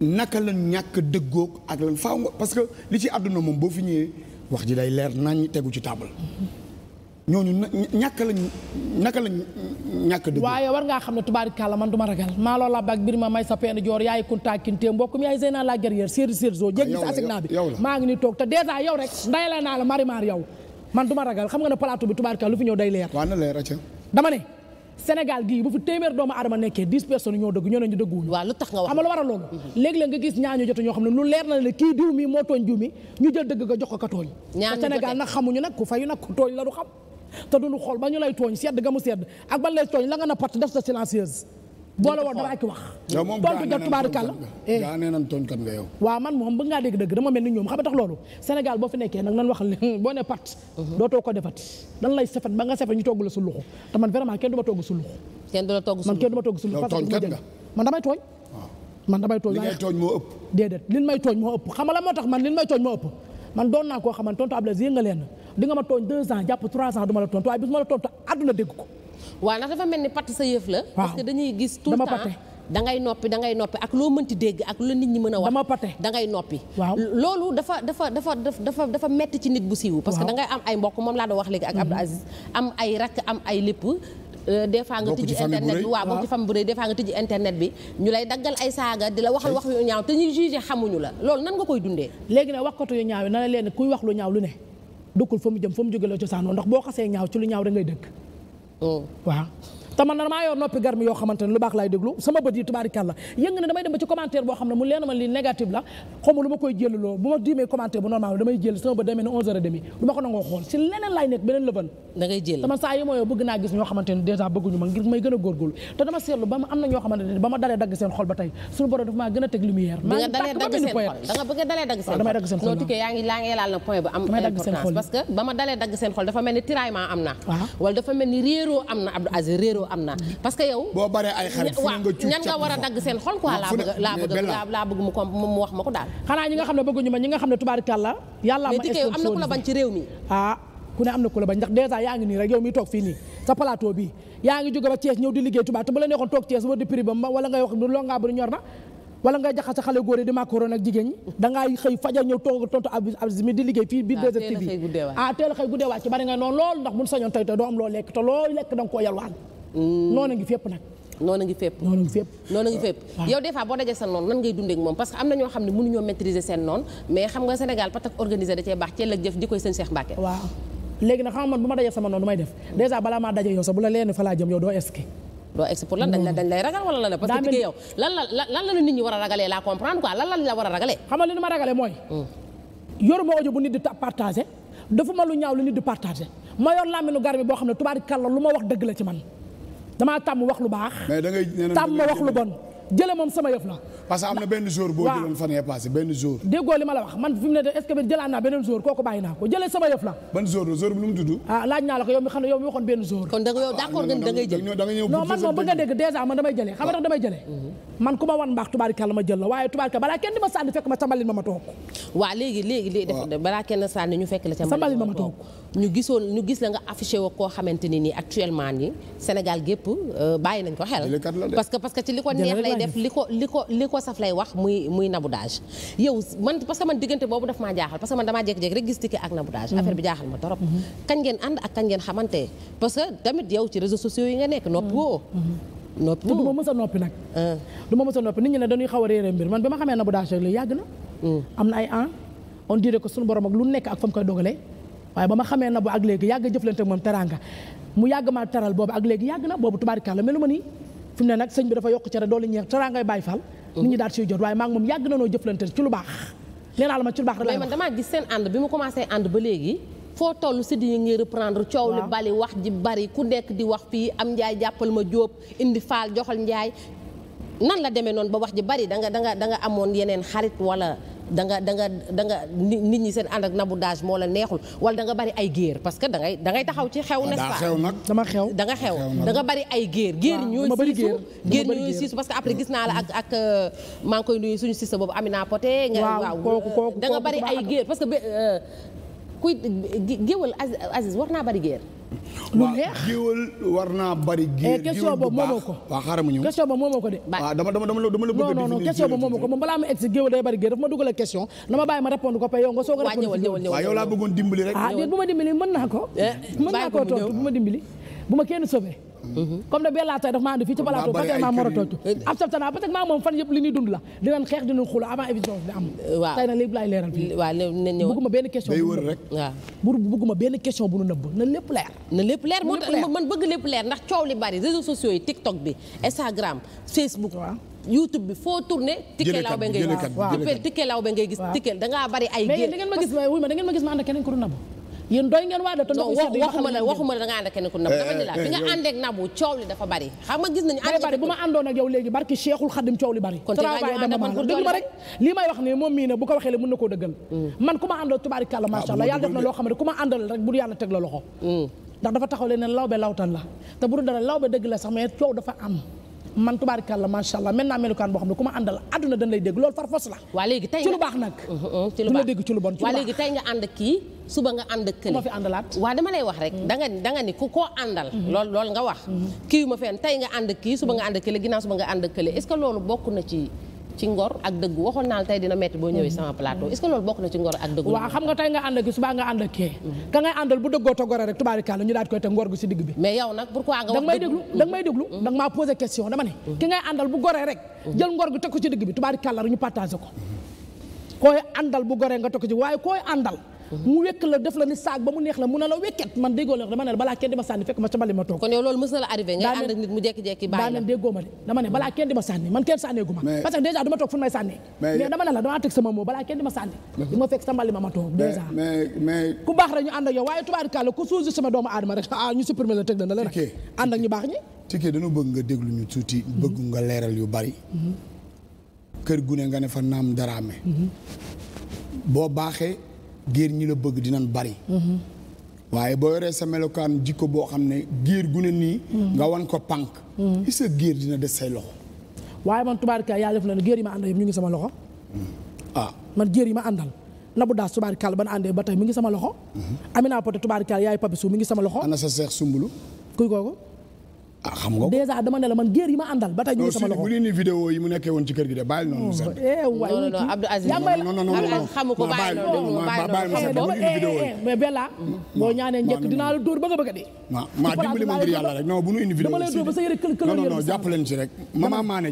naka la ñàkk dëggoog ak lan faaw nga parce que li ci àdduna moom boo fi ñëwee wax ji day leer nañ tegu ci taabal ñooñu ñàkk ñàkk dëgg waaye war ngaa xam ne tubaarikàlla man du ma ragal maa loola bak bir ma may sa peen joor yaay kuntaa kinte mbokkum yaay Zeyna la ah, ngi ni toog te dèjà yow rek ndayale ne plateau bi tubaarikàlla lu fi ñëw gii bu fi téeméer doomu aadama nekkee dix personnes ñoo xam mm-hmm. gis ñaañu jote ñoo xam ne lu leer na le kii diw mi moo tooñ diw mi ñu jël dëgg nga jox ko ka tooñ Sénégal nag xamuñu nag ku fayu nag ku tooñ la du xam te duñu xool ba ñu lay tooñ sedd ga mu sedd ak ban lay tooñ la nga na pat def sa silencieuse boole woon dara ak eh. man moom bëgg ngaa xam nga tax loolu Sénégal boo fi nekkee nag nan wax boo mhm. nga safet ñu togg la suluxu te man damay tooñ ah. man damay tooñ moo ëpp déedéet moo xam nga la moo tax man lin may tooñ moo ëpp man doon naa koo xam ne tontu Ablaye yëngal leen di nga ma tooñ deux ans jàpp trois ans du la tontu waaye bis ma la tontu àdduna dégg ko. waaw ndax dafa mel ni patt sa yëf la. waaw parce que dañuy gis tout le temps da ngay noppi da ngay noppi ak loo mënti dégg ak la nit ñi mën a wax. dama pate da ngay noppi. waaw loolu dafa dafa dafa dafa dafa metti ci nit bu siiw. parce que da ngay am ay mbokk moom laa doon wax léegi ak Abdou mhm. Aziz am ay rakk am ay lépp Euh, des fois nga tijji internet bi waaw bokk ci famille bu rëy des fois nga tijji internet bi ñu lay daggal ay saaga di la waxal wax yu ñaaw te ñuy jugé xamuñu la loolu nan nga koy dundee léegi nag waxkatu yu ñaaw yi na la leen kuy wax lu ñaaw lu ne dukkul fa mu jëm fa mu jóge la cosaanoo ndax boo xasee ñaaw ci lu ñaaw da ngay dëkk oh. waa te man damaa yor noppi garmi yoo xamante lu baax laay déglu sama bët yi tubaarikàlla yëng na damay dem ba ci commentaire boo xam ne mu leer ma li négatif la xaw ma lu ma ko nangoo xool si leneen laay nekk beneen lëbal a góorgóorlu te dama seetlu ba ma am na ñoo xamante ba ma dalee dagg seen xol ba tey suñu borom dafa maa gën a teg lumière maa ngi tàkk dagg seen xol damay dagg seen yaa ngi laa ngi laal na point bu am importance dalee dagg seen xol dafa mel ni tiraillement am xëccoo parce que yow ñan nga war a dagg seen xol quoi laa bëgg mu wax ma ko daal xanaa ñi nga xam ne bëgguñu ma ñi nga xam ne tubaarikàlla yàlla la bañ ci réew mi ah, di liggéey tubaab te bu la neexoon toog Thiès war di prix ba wala ngay wax du longaa ah, ah, ndax buñ sañoon tey tey doo am loo lekk te loo lekk da koo yalwaan Mm. noonu ngi fépp nag. noonu ngi fépp noonu ngi fépp. noonu ngi ah. boo dajee sa noonu nan ngay dundee ak moom parce que am na ñoo xam ne mënuñoo maîtriser seen noonu mais xam nga Sénégal patak organisé da cee baax ceel la leen fa jëm yow doo eski doo lan la la nit ñi war a ragalee laa comprendre quoi lan la war a ragalee xam nga li ma ragalee mooy mm. yoruma audio bu nit di partagé dafa lu ñaaw lu nit di partagé ma yor làmmiñu gar boo xam ne tubaari kàlla la ci man damaa tàmm wax lu baax. mais da ngay tàmm wax lu bon. jële moom sama yëf la parce que am na benn jour boo jëloon fan yee passé benn jour déggoo li ma la wax man fi mu ne de est-ce naa beneen jour kooku bàyyi naa ko jële sama yëf la ban jour la nu mu tudd ah laaj naa la ko yow mi xam ne yow mi waxoon benn jour kon da yow d'accord nga da ngay jël non man moom bëgg nga dégg dèjà man damay jëlee xam ah. damay jëlee mhm. man ku ma wan mbaax tubaarkalla ma jël la waaye tubaarkalla balaa kenn def li ko li ko li ko saf lay wax muy muy naboudage yow man parce que man diggante boobu daf maa jaaxal parce que man damaa jékki-jékki rek gis ticket ak naboudage affaire bi jaaxal ma torop mhm. kañ ngeen ànd ak kañ ngeen xamante parce que tamit yow ci réseaux sociaux yi nga nekk noppi woo mhm. noppi woo du ma mës a noppi nag ah. du ma mës a noppi nit ñi ne dañuy xaw a réere mbir man bi ma xamee naboudage rek la yàgg na mm. am na ay an on ko que suñu borom lu nekk ak fa mu koy dogalee waaye ba ma xamee nabu ak léegi yàgg jëflante moom teranga mu yàgg maa teral boobu ak léegi yàgg na boobu tubaarikàlla melu ma nii fu mu ne nag sëñ bi dafa yokk cere doolu ñeex taraa ngay bàyyi fall nit ñi daal siy jot waaye maa ngi moom yàgg na noo jëflante ci lu baax nee la ma ci lu baax mais man damaa gis seen ànd bi mu commencé ànd ba léegi foo toll si di ngi reprendre coow li bali wax ji bari ku nekk di wax fii am njaay jàppal ma jóob indi faal joxal njaay nan la demee noon ba wax ji bari danga nga da nga amoon yeneen xarit wala da nga da nga da nga nit ñi seen ànd ak nabudage moo la neexul wala danga nga bari ay géer parce que da ngay da taxaw ci xew n'est-ce xew dama xew da nga xew da nga bari ay géer géer ñooy siisu géer ñooy siisu parce que après gis naa la ak ak euh, maa ngi koy nuy suñu sista boobu ami Amina Poté nga waaw da nga bari ay géer parce que euh, kuy géwal Aziz war naa bari géer lu neex waaw géwël bari. Eh, géwël question boobu moomoo ko waaw xaaral ma ñëw question boobu moomoo ko de. waaw dama dama dama la bëgg non non non question boobu moomoo ko moom balaa ma egg si day bari géwël dafa ma dugal a question na ma bàyyi ma répondre ko yow nga soog a. waaw ñëwal ñëwal waaw yow rek. Ah, bu ma dimbali mën naa ko. Eh, mën naa koo tontu bu ma dimbali bu ma kenn sobee comme ne Bella tey daf maa andi fii ci plateau ba tey maa mor a tocc moom fan yëpp li ñuy dund la dinañ xeex dinañ xula avant émission bi am waaw bugguma benn question bu nu nëbb na lépp leer na lépp leer moo tax man bëgg lépp leer ndax coow li bari réseaux sociaux yi TikTok bi Instagram Facebook YouTube bi foo tourné tikkee law ba ngay gis tikkee dangaa bari ay da ngeen ma gis ma wuy ma da ma gis ma ànd ak keneen ko du nabu yéen doy ngeen waa da te ndox waxuma la waxuma la da nga ànd ak kenn ku nabu dafa ni la eh, eh, bi nga eh, nabu coow li dafa bari xam nga gis nañu ànd bari bu ma àndoon ak yow léegi barki Cheikhul Khadim coow li bari travail dama man déglu ma rek lii may wax na koo dëggal mm. man ku ma àndal tubaarikàlla ah, macha allah yàlla def na loo xam ne ku ma àndal rek bu yàlla teg la loxo mm. ndax dafa taxaw leen ne lawbe lawtan la te bu dul dara lawbe dëgg la sax mais coow dafa am man tubaarikàlla macha allah mel naa melukaan boo xam ne ku ma àndal àdduna dañ lay dégg loolu far fos la. waa léegi tey ci lu baax nag. Uh-huh, uh-huh, ci lu baax dégg ci lu bon ci lu baax. waa léegi tey nga ànd kii suba nga ànd ak waa dama lay wax rek. Mm-hmm. da nga da nga ni ku koo àndal. Mm-hmm. lool loolu nga wax. Mm-hmm. kii yu ma fenn tey nga ànd kii suba nga ànd kële ginnaaw suba nga ànd kële est-ce que loolu bokk na ci ci ngor ak dëgg waxoon naa tey dina metti boo ñëwee mm-hmm. sama plateau est-ce que loolu bokk na ci ngor ak dëgg waaw xam nga tey nga ànd ki subaa nga ànd kee mm-hmm. ka ngay àndal bu dëggoo te gore rek tubaarikàlla ñu mm-hmm. rek ko ci ñu partagé ko koy àndal bu goree nga teg ko ci waaye koy àndal mu wekk la def la ni saag ba mu neex la mu ne la wekket man déggoo la dama ne balaa kenn di ma sànni fekk ma ca mbali ma toog kon yow loolu mës na la arrivé ngay ànd ak nit mu jékki-jékki bàyyi la déggoo ma de dama ne balaa kenn di ma sànni man kenn sànneegu ma parce que déjà du ma toog fu may sànni mais dama ne la dama teg sama moo balaa kenn di ma sànni na la rek ànd ak ñu baax ñi Tike dañu bëgg nga déglu ñu tuuti mhm. bëgg nga leeral yu bari mhm. kër gu ne nga ne fa naam daraame mhm. boo baaxee géer ñi la bëgg dinañ bari waaye boo yoree sa melokaan jikko boo xam ne géer gu ne nii nga wan ko pànk i mm-hmm. sa géer dina des say loxo waaye man tubaarkaal yaa def na ne géer yi ma àndal yëpp ñu ngi sama loxo mm-hmm. ah man géer yi ma àndal Nabou Dash tubaarkaal ban àndee ba tey mi ngi sama loxo mm-hmm. Amina Poté tubaarkaal yaay Papi Sou mi ngi sama loxo ana sa seex sumbulu kuy kooku ah xam nga dèjà dama ne la man géer yi ma àndal ba tey ñu ngi sama loxo bu leen ni vidéo yi mu nekkee woon ci kër gi de bàyyi noonu sax eh waay non non Aziz non non non xamu ko bàyyi noonu bàyyi ma sax bu leen vidéo yi eh, eh, mais Bella mm, mm, mm. boo ñaanee njëkk dinaa la dóor ba nga bëgg a dee ma ma ma ngir yàlla bu ñu indi vidéo dama lay dóor ba sa yëre kël kël non non jàpp leen ci rek maman yi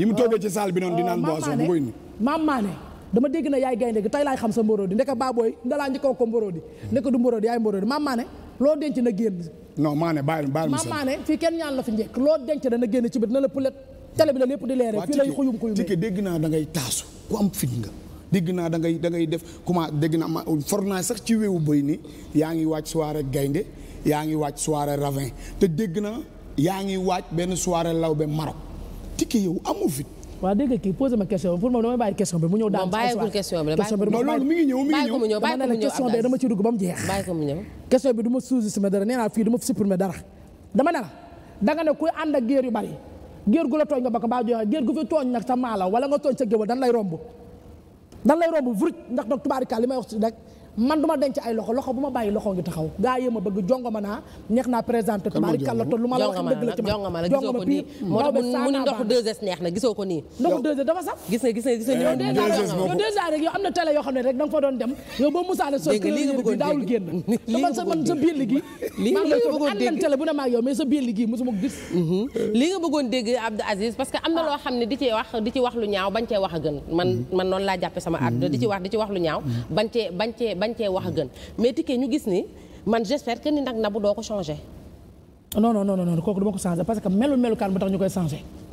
yi mu euh, toogee ci salle bi noonu di euh, naan boisson bu ko indi maman dama dégg na yaay gaynde gi tey laay xam sa mboroo di ndeka baabooy ndalaa njëkkoo ko mboroo di ndeka du mboroo di yaay mboroo di maman Mané loo denc na non Mané bàyyi bàyyi ma Mané fii kenn ñaan la fi njëkk loo denc dana génn ci bit na la poulet télé bi la lépp di leeree fii lay xuyum xuyum tike dégg naa da ngay taasu ku am fit nga dégg naa da ngay da ngay def comment dégg naa ma for naa sax ci weewu bëy ni yaa ngi wàcc soirée gaynde yaa ngi wàcc soirée ravin te dégg naa yaa ngi wàcc benn soirée lawbe Maroc tike yow amu fit waaw dégg nga kii posé ma question pour moom damay bàyyi question bi mu ñëw daal bàyyeegul question bi question la question bi dama ci dugg ba mu jeex question bi du ma sous-estimé dara nee naa fii du ma dara dama ne danga ne kuy ànd ak bari géer gu la tooñ nga bakk mbaa joxe gu fi tooñ nag sa maala wala nga tooñ sa géwal dan lay romb dan lay romb vrut ndax nag tubaarikaal li may wax si rek man du ma denc ay loxo loxo bu ma bàyyi loxo ngi taxaw gaa yi ma bëgg jongoma naa neex naa présenté tubaari lu ma la wax la ci man la gisoo ko nii am na da mhm. ah. di ci wax lu ñaaw bañ cee wax a gën man mhm. man laa jàppe sama àdduna mhm. di di ci wax lu ñaaw bañ cee bañ cee bañ cee wax a gën nag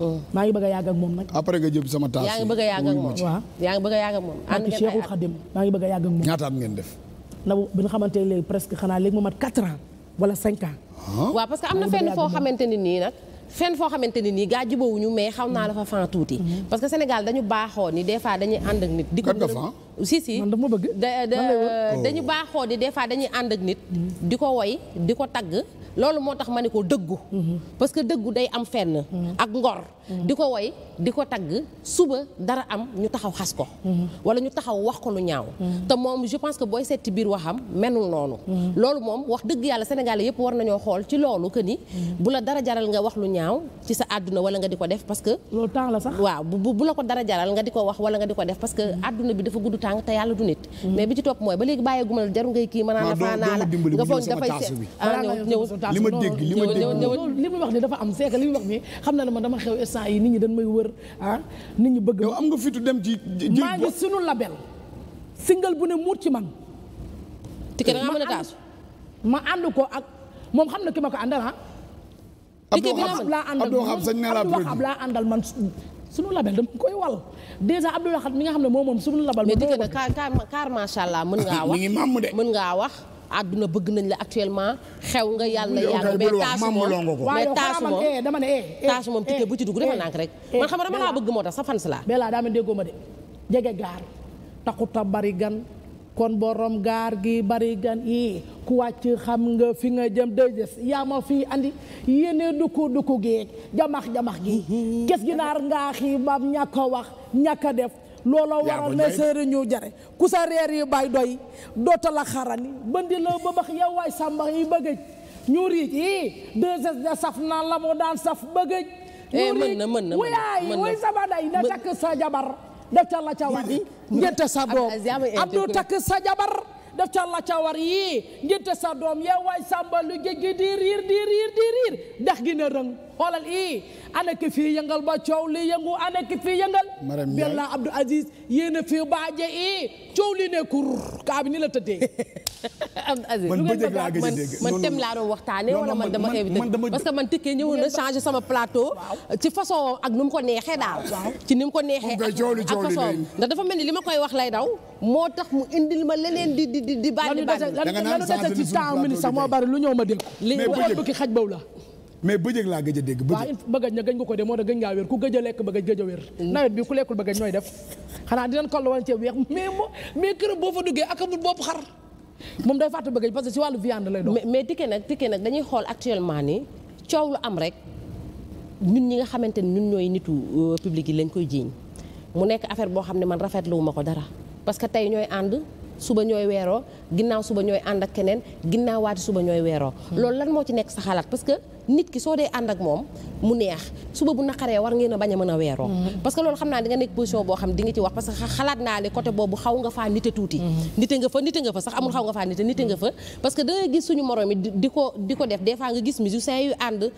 mm. a yàgg ak moom nag. après nga jëm sama taas yaa ngi bëgg a yàgg moom ñaata at ngeen def. Nabou bi nga xamante léegi presque xanaa léegi mu mat 4 ans wala 5 ans. Ah. waaw parce que am na fenn foo xamante ne nii nag. fenn foo xamante ne nii gaa jubawuñu mais xaw naa la fa fan tuuti. Mm-hmm. parce que Sénégal dañu baaxoo ni des fois ànd ak nit. di ko si si man dama bëgg euh, dañu oh. baaxoo di des fois dañuy ànd ak nit. di ko woy di ko tagg. loolu moo tax ma ne ko dëggu. Mhm. parce que dëggu day am fenn. Mhm. ak ngor. Mhm. di ko woy di ko tagg suba dara am ñu taxaw xas ko. wala ñu taxaw wax ko lu ñaaw. te moom je pense que booy seet ci biir waxam menul noonu. loolu moom wax dëgg yàlla Sénégalais yëpp war nañoo xool ci loolu que ni. bu la dara jaral nga wax lu ñaaw ci sa àdduna wala nga di ko def parce que. loolu temps la sax waaw bu la ko dara jaral nga di ko wax wala nga di ko def que àdduna bi dafa tàng te yàlla du nit mais bi ci topp mooy ba léegi bàyyi guma la jarul ngay kii mën naa la naa la nga foog dafay seet li ma dégg li ma dégg li ma na ne nit ñi dañ may wër nit ñi bëgg yow am nga fitu dem ci maa ngi sunu label single bu ne ci man ticket taasu ma ànd ko ak moom xam na ki ma ko àndal ah ticket bi laa àndal man sunu label dama koy wal déjà mi nga xam ne moom moom sunu label. mais dëgg la car car macha allah mën ngaa wax mi ngi ngaa wax. àdduna bëgg nañ la actuellement xew nga yàlla yàgg mais taasu moom mais taasu moom eh, dama ne eh, eh, taasu moom ticket bu ci dugg dafa nànk rek man xam nga dama laa bëgg moo tax sa fans laa Bella daa ma déggoo ma de jege gaar taxuta bari gan kon borom gaar gi bari gan yi ku wàcc xam nga fi nga jëm day des yaa ma fii andi yéene dukku dukku géej jamax jamax gi kes ginaar ngaax yi bam ñàkk a wax ñàkk a def looloo waral ne sëriñu jare ku sa reer bay doy doota la xarani bëndi la ba bax yow waay sàmbax yi bëggëj ñu riij ii deux de saf naan la mu daan saf bëggëj eh, ñu riij wuyaay wuy sama na takk sa jabar def ca la ca war yi sa doom Abdou takk sa jabar def ca la ca war yi ngénte sa doom yee waay sàmba lu géej gi di riir di riir gi na rëng xoolal ii ana ki fii yëngal ba coow li yëngu ana ki fii yëngal bella Abdou Aziz yéena fii baaje ii coow li ne kur kaa bi ni la tëddee man bëccëg a dégg man tem laa doon waxtaanee wala man dama invité parce que man tëkkee ñëwoon na sama plateau. ci façon ak nu mu ko neexee daal. ci ni mu ko neexee ak façon ndax dafa mel ni li ma koy wax lay daw. moo tax mu indil ma leneen di di di di bàyyi bàyyi. da nga naan ci temps moo bari lu ñëw ma dégg. li wala ki gëj a dégg bëjëg waaw bëgg na nga ko de moo tax gëj ngaa wér ku gëj lekk bëgg gëj a wér mm. nawet bi ku lekkul bëgg ñooy def xanaa dinañ ko la woon ceeb weex mais mais këram boo fa duggee ak amul bopp xar moom day fàtte bëgg parce que si wàllu viande lay doon. mais mais ticket nag ticket nag dañuy xool actuellement ni coow lu am rek ñun ñi nga xamante ni ñun ñooy nitu euh, public yi lañ koy jiiñ mu nekk affaire boo xam ne man rafetlu wu ma ko dara parce que tey ñooy ànd. suba ñooy weeroo ginnaaw suba ñooy ànd ak keneen ginnaaw waati suba ñooy weeroo hmm. loolu lan moo ci nekk sa xalaat parce que nit ki soo dee ànd ak moom mu neex suba bu naqaree war ngeen a bañ a mën a weeroo hmm. parce que loolu xam naa di nga nekk position boo xam di nga ci wax parce que xalaat naa ne côté boobu xaw nga faa nite tuuti hmm. nite nga nga fa sax amul nga fa parce que da ngay gis suñu moroom yi di ko di ko def des fois nga gis musiciens yu ànd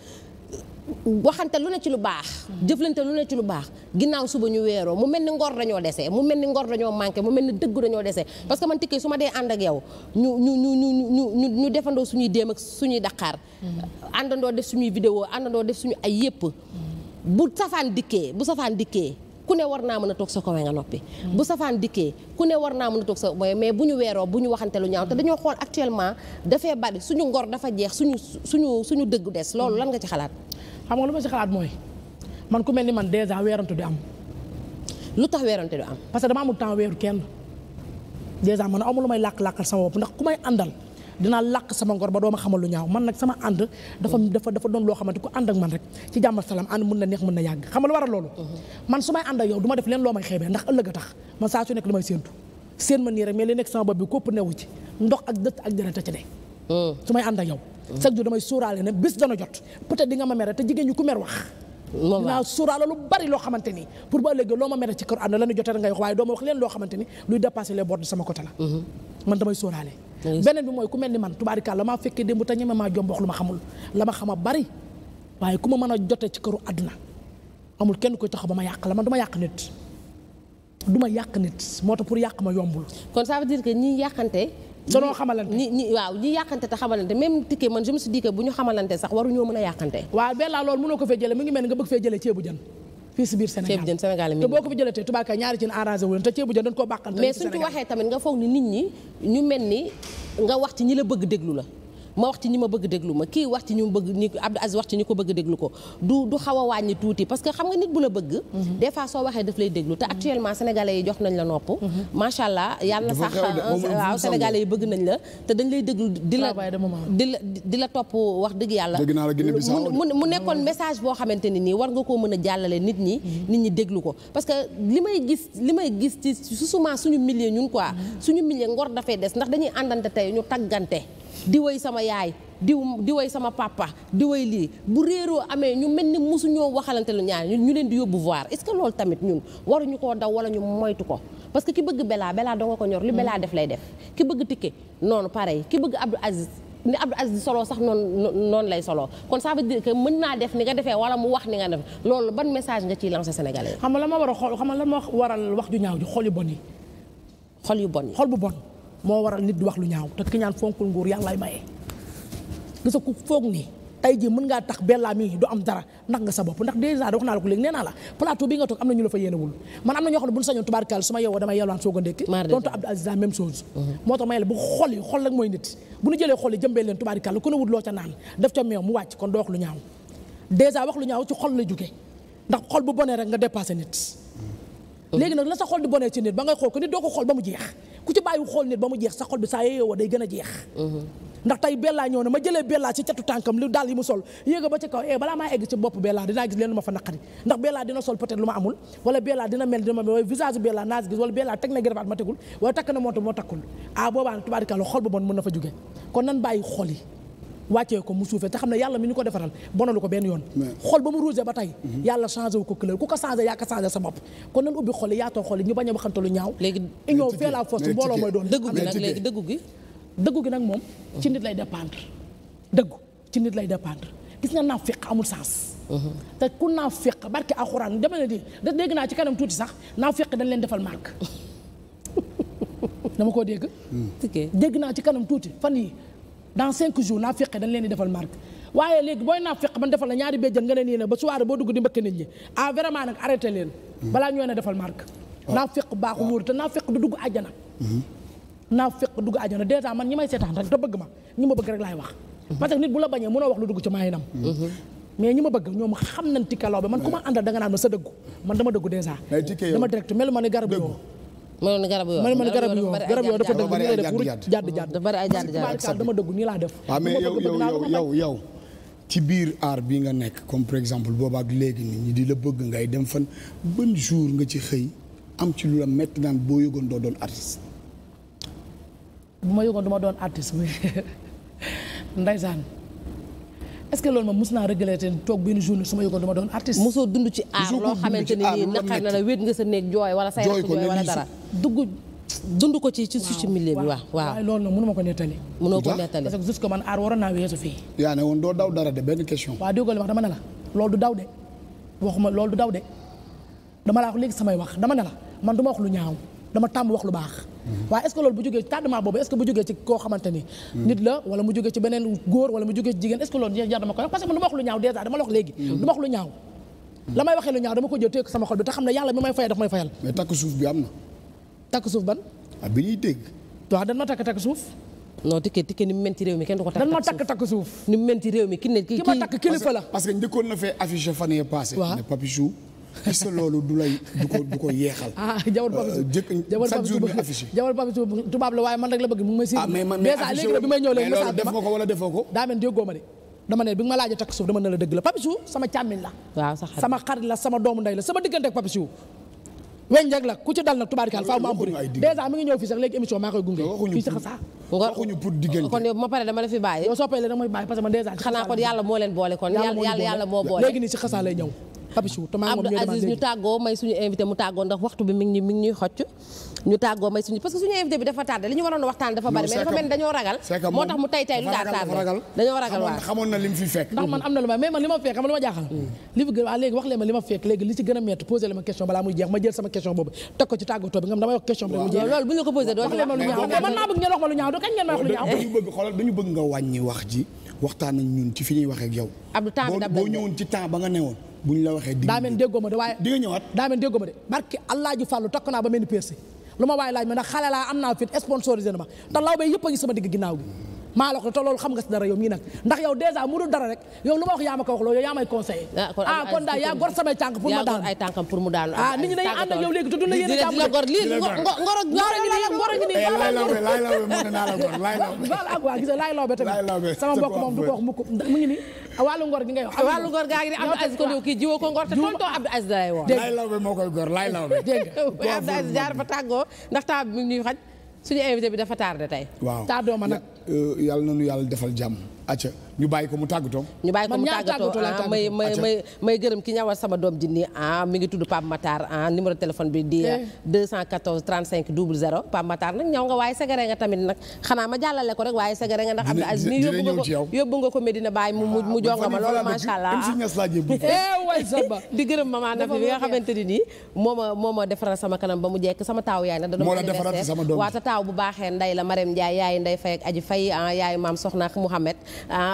waxante lu ne ci lu baax jëflante lu ne ci lu baax ginnaaw suba ñu weeroo mu mel ni ngor dañoo desee mu mel ni ngor dañoo manqué mu mel ni dëgg dañoo desee parce que man tikki su ma dee ànd ak yow ñu ñu ñu ñu ñu ñu ñu defandoo suñuy déem ak suñuy daqaar àndandoo def suñuy vidéo àndandoo def suñu ay yëpp bu safaan dikkee bu safaan dikkee ku ne war naa mën a toog sa kowe nga noppi bu safaan dikkee ku ne war naa mën a toog sa kowe bu ñu weeroo bu ñu waxante lu ñaaw te dañoo xool actuellement dafee bari suñu ngor dafa jeex suñu suñu suñu dëgg des loolu lan nga ci xalaat xam nga lu ma si xalaat mooy man ku mel ni man dèjà weerante du am. lu tax weerante du am. parce que dama amul temps weeru kenn dèjà man amul lu may làkk-làkkal sama bopp ndax ku may àndal dinaa làkk sama ngor ba dooma xamal lu ñaaw man nag sama ànd. dafa dafa dafa doon loo xamante ku ànd ak man rek ci jàmm salaam ànd mën na neex mun na yàgg xam nga lu loolu. Mhm. man su may ànd ak yow du def leen loo may xeebee ndax ëllëg a tax man saa su nekk lu may séentu seen ma nii rek mais li nekk sama bopp bi képp ci ndox ak dëtt ak dara ta Hmm. su may ànd ak yow. chaque jour damay sóoraale ne bis dana jot peut-être nga ma mere te jigéen ñi ku mer wax. loolu dinaa sóoraale bari loo xamante ni pour ba léegi loo ma mere ci kër ànd la ñu jotee ngay wax waaye doo ma wax leen loo xamante ni luy dépasser les bornes sama hmm. damay sóoraale. beneen bi mooy ku mel ni man tubaarikàlla maa fekkee démb te ñeme maa jomb wax lu ma xamul la ma xam a bari waaye ku ma mën a jotee ci këru àdduna amul kenn koy taxaw ba ma yàq la man du ma yàq nit du ma yàq nit moo tax pour yàq ma yombul. kon sa veut dire que ñi danoo xamalante ñi ñi waaw ñi yàqante te xamalante même ticket man je me bu ñu xamalante sax waruñoo mën a yàqante waaw Bella loolu mënoo ko fee jële mu ngi mel ni nga bëgg fee jële ceebu jën fii si biir Sénégal te boo ko fi jëlatee tubaab kay ñaari cin arrangé wu ceebu jën dañ koo bàqante mais suñ ci waxee tamit nga foog ni nit ñi ñu mel ni nga wax ci ñi la bëgg déglu la ma wax ci ñi ma bëgg déglu ma kii wax ci ñu bëgg ñi Abdou ko bëgg déglu ko du du xaw a wàññi tuuti parce que xam nga nit bu la bëgg mhm. des fois soo waxee daf lay déglu te mhm. actuellement sénégalais yi jox nañ la nopp mhm. macha allah yàlla sax waaw sénégalais yi bëgg nañ la te dañ lay déglu di la di la di la topp wax dëgg yàlla mu nekkoon message boo xamante ne nii war nga koo mën a jàllale nit ñi nit ñi déglu ko parce que li may gis li may gis ci su sumaa suñu milieu ñun quoi suñu milieu ngor dafay des ndax dañuy àndante tey ñu taggante di woy sama yaay diw di woy sama papa di woy lii bu réeroo amee ñu mel ni mosuñoo waxalante lu ñaar ñu leen di yóbbu voir est-ce loolu tamit ñun waruñu koo daw wala ñu moytu ko parce que ki bëgg Bella Bella doo nga ko ñor li hmm. Bella def lay def ki bëgg tikke noonu pareil ki bëgg Abdou Aziz ni Abdou Aziz solo sax noonu noonu lay solo kon ça veut dire mën naa def ni nga defee wala mu wax ni nga def loolu ban message nga ciy lancé Sénégalais yi. xam nga ma war a xool xam nga lan ma waral wax ju ñaaw ji xol yu bon yi. yu bon yi xol bu bon. moo waral nit di wax lu ñaaw te ki ñaan fonkul nguur yàllaay maye. gis ku foog ni tey jii mën ngaa tax Bella mii du am dara ndax nga sa bopp ndax dèjà wax naa la ko léegi nee naa la plateau bi nga toog am na ñu la fa yéenewul man am na ñoo xam ne bu ñu a ndékki donte Abdou Aziz même chose moo tax ma yele bu xol yi xol rek mooy nit bu ñu jëlee xol jëmbee leen tubaarkaal ku ne wut loo ca naan def ca meew mu wàcc kon doo wax lu ñaaw dèjà wax lu ñaaw ci xol la jóge ndax xol bu bonee rek nga dépassé nit léegi nag la sa xol di bonee ci nit ba ngay xool ko nit doo ko xool ba mu jeex ku ci bàyyi xool nit ba mu jeex sa xol bi saa yeewoo day gën a jeex mhm. ndax tey bellaa ñëw na ma jëlee bellaa ci catu tànkam lu daal yi mu sol yéega ba ci kaw e balaa maa egg ci bopp bellaa dinaa gis leen lu ma fa naqari ndax bellaa dina sol peut-être lu ma amul wala bellaa dina mel dina mel waaye visage bellaa naa gis wala bellaa teg na gërëbaat ma tegul wala takk na montu moo takkul ah boobaa tubaarikàlla xol ba bon mën na fa jóge kon yi wàccee ko mu suufee te xam ne yàlla mi ñu ko defaral bonalu ko benn yoon xol ba mu ruusee ba tey mhm. yàlla changé wu ko couleur ku ko changé yaa ko changé sa bopp kon nan ubbi xol yi yaatoo xol yi ñu bañ a waxante lu ñaaw léegi union fait la force mbooloo mooy doon dëggu gi nag léegi dëggu gi dëggu gi nag moom ci lay dépendre dëggu ci nit lay dépendre gis nga naafiq amul sens mhm. te ku naafiq barke alxuraan dama ne di da dégg naa ci kanam tuuti sax naa naafiq dañ leen defal marque dama koo dégg dégg naa ci kanam tuuti fan yi dans cinq jours naa feqe dañ leen di defal marque waaye léegi booy naa feq man defal la ñaari béjjën nga ne nii ne ba soirée boo dugg di mbëkk nit ñi ah vraiment nag leen mm-hmm. balaa ñoo ne defal marque oh. naa feq baaxu wóoru te naa feq dugg àjjana mm-hmm. naa feq dugg àjjana dèjà man ñi may seetaan rek te bëgg ma ñi ma bëgg rek laay wax mm-hmm. parce que nit bu la bañee mënoo wax lu dugg ci maayinam mais ñi ma bëgg ñoom xam nañ ci kalaw bi man ku ma àndal ma sa dëggu man dama dëggu ma garab yoo mënoon garab yoo man garab yoo garab yoo dafa dëgg nii lay def pour jàdd jàdd dafa bari ay laa def waaw ah, mais yow yow yow ci biir aar bi nga nekk comme par exemple booba ak léegi nit ñi di la bëgg ngay dem fan ban jour nga ci xëy am ci lu la metti naan boo yëgoon doo doon artiste bu ma yëgoon du doon artiste ndeysaan est-ce que loolu moom mos naa regretté toog benn journée su ma yëgoon nii naqar na la wéet nga sa néeg jooy dund ko ci ci ci milieu bi waaw waaw waaw loolu ko nettali mënoo ko nettali parce que jusque man aar waroon naa weesu fii yaa daw dara de benn question waaw déggoo li wax dama ne la loolu du daw de waxuma loolu du daw de dama laa wax léegi samay wax dama ne la man du wax lu ñaaw dama tàmm wax lu baax waaye est bu jógee tardement boobu est bu jógee ci koo xamante ni nit la wala mu jógee ci beneen góor wala mu jógee ci jigéen est-ce dama koy wax parce que man du wax lu ñaaw déjà dama la mm-hmm. wax lu ñaaw la may waxee lu ñaaw dama ko jël téeg sama xol bi te xam ne yàlla mi may fayal daf may fayal mais takk suuf bi am na takk suuf ban ah bi ñuy dégg waaw ma takk takk ni mu mel réew mi kenn du ko takk kilifa la parce que njëkkoon na est-ce que loolu du lay du ko de dama ne bi nga la dëgg la Pape Diouf sama càmmiñ la. sa xarit la sama doomu ndey la sama diggante ak Pape la ku ci dal nag tubaarikaal faaw mu am bëri dèjà mi ngi ñëw fii sax léegi émission maa koy gunge fii sax xanaa kon yàlla moo leen boole kon yàlla moo boole léegi nii si xasaa lay ñëw Papichou Abdou Aziz ñu tàggoo may suñu invité mu tàggoo ndax waxtu bi mi ñuy xocc ñu tàggoo may suñu invité bi dafa tardé li ñu waroon waxtaan dafa bari mais dafa man a métti posé bëgg ngeen wax ma lu ñaaw dañu bëgg nga wàññi wax ji waxtaan nañ ñun ci fi ñuy wax ak Abdou temps boo ñëwoon ci temps ba nga newoon buñ la waxee daa mel déggoo ma de waaye di nga ñëwaat daa mel déggoo ma de barki Allaaji Fàllu takk naa ba mel ni piercing lu ma waaye laaj ma ndax xale am naa fit sponsorisé na ma te law bay yëpp a sama digg ginnaaw gi maa la ko te loolu xam nga si dara yow mii nag ndax yow dèjà mu dul dara rek yow lu ma wax yaa ma ko yow yaa may ah, ah kon daal yaa gor samay tànk pour ma daanu ay tànkam pour mu daanu ah nit ñi dañuy ànd yow léegi te du la yéen a la gor lii ngor wàllu ngor gi ngay wax wàllu ngor gaa ngi ne Abdou Aziz ko ñëw kii jiwoo ko ngor te tonton Abdou Aziz da woo laay moo koy gor laay lawbe dégg nga Abdou Aziz jaar fa tàggoo ndax temps bi ñuy xaj suñu invité bi dafa tardé tey waaw tardoo ma nag yàlla euh, na nu yàlla defal jàmm acca ñu bàyyi ko mu tàggatoo. ñu ko mu tàggatoo ah may may may gërëm ki ñawal sama doom ji nii ah mi ngi tudd Pape Matar ah numéro téléphone bi di. 214 35 00 Pape Matar nag ñaw nga waaye segere nga tamit nag xanaa ma jàllale ko rek waaye segere nga ndax. dina dina dina ñëw ci yow yóbbu nga ko Medina Baye mu mu ah, jonga ma loolu macha allah. Eh, di gërëm maman Nafi bi nga xamante ni nii moo moo ma defaral sama kanam ba mu jekk sama taaw yaay nag. moo la defaral sama doom taaw bu baaxee nday la Marème Ndiaye yaay nday Faye ak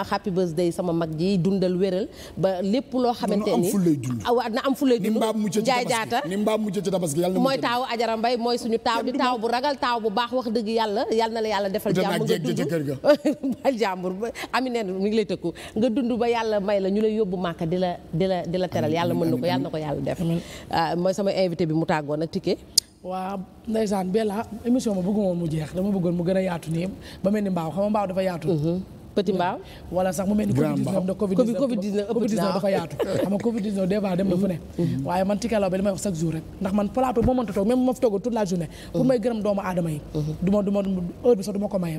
Aji ah, happy birthday sama mag jii dundal wéral ba lépp loo xamante ni waaw na am fu lay dund njaay jaata ni mbaam mujj ci tabaski yàlla mooy taaw ajara mbay mooy suñu taaw di taaw bu ragal taaw bu baax wax dëgg yàlla yàlla na la yàlla defal jàmm nga dund ba jàmbur ami neen mi ngi lay tëkku nga dund ba yàlla may la ñu lay yóbbu màkka di la di la di la teral yàlla mën na ko yàlla na ko yàlla def ah, mooy sama invité bi mu tàggoo nag tikke waaw ndeysaan Bella émission ma bëgguma woon mu jeex dama bëggoon mu gën a yaatu nii ba mel ni mbaaw xam nga mbaaw dafa yaatu mm-hmm. petit mbaaw wala sax mu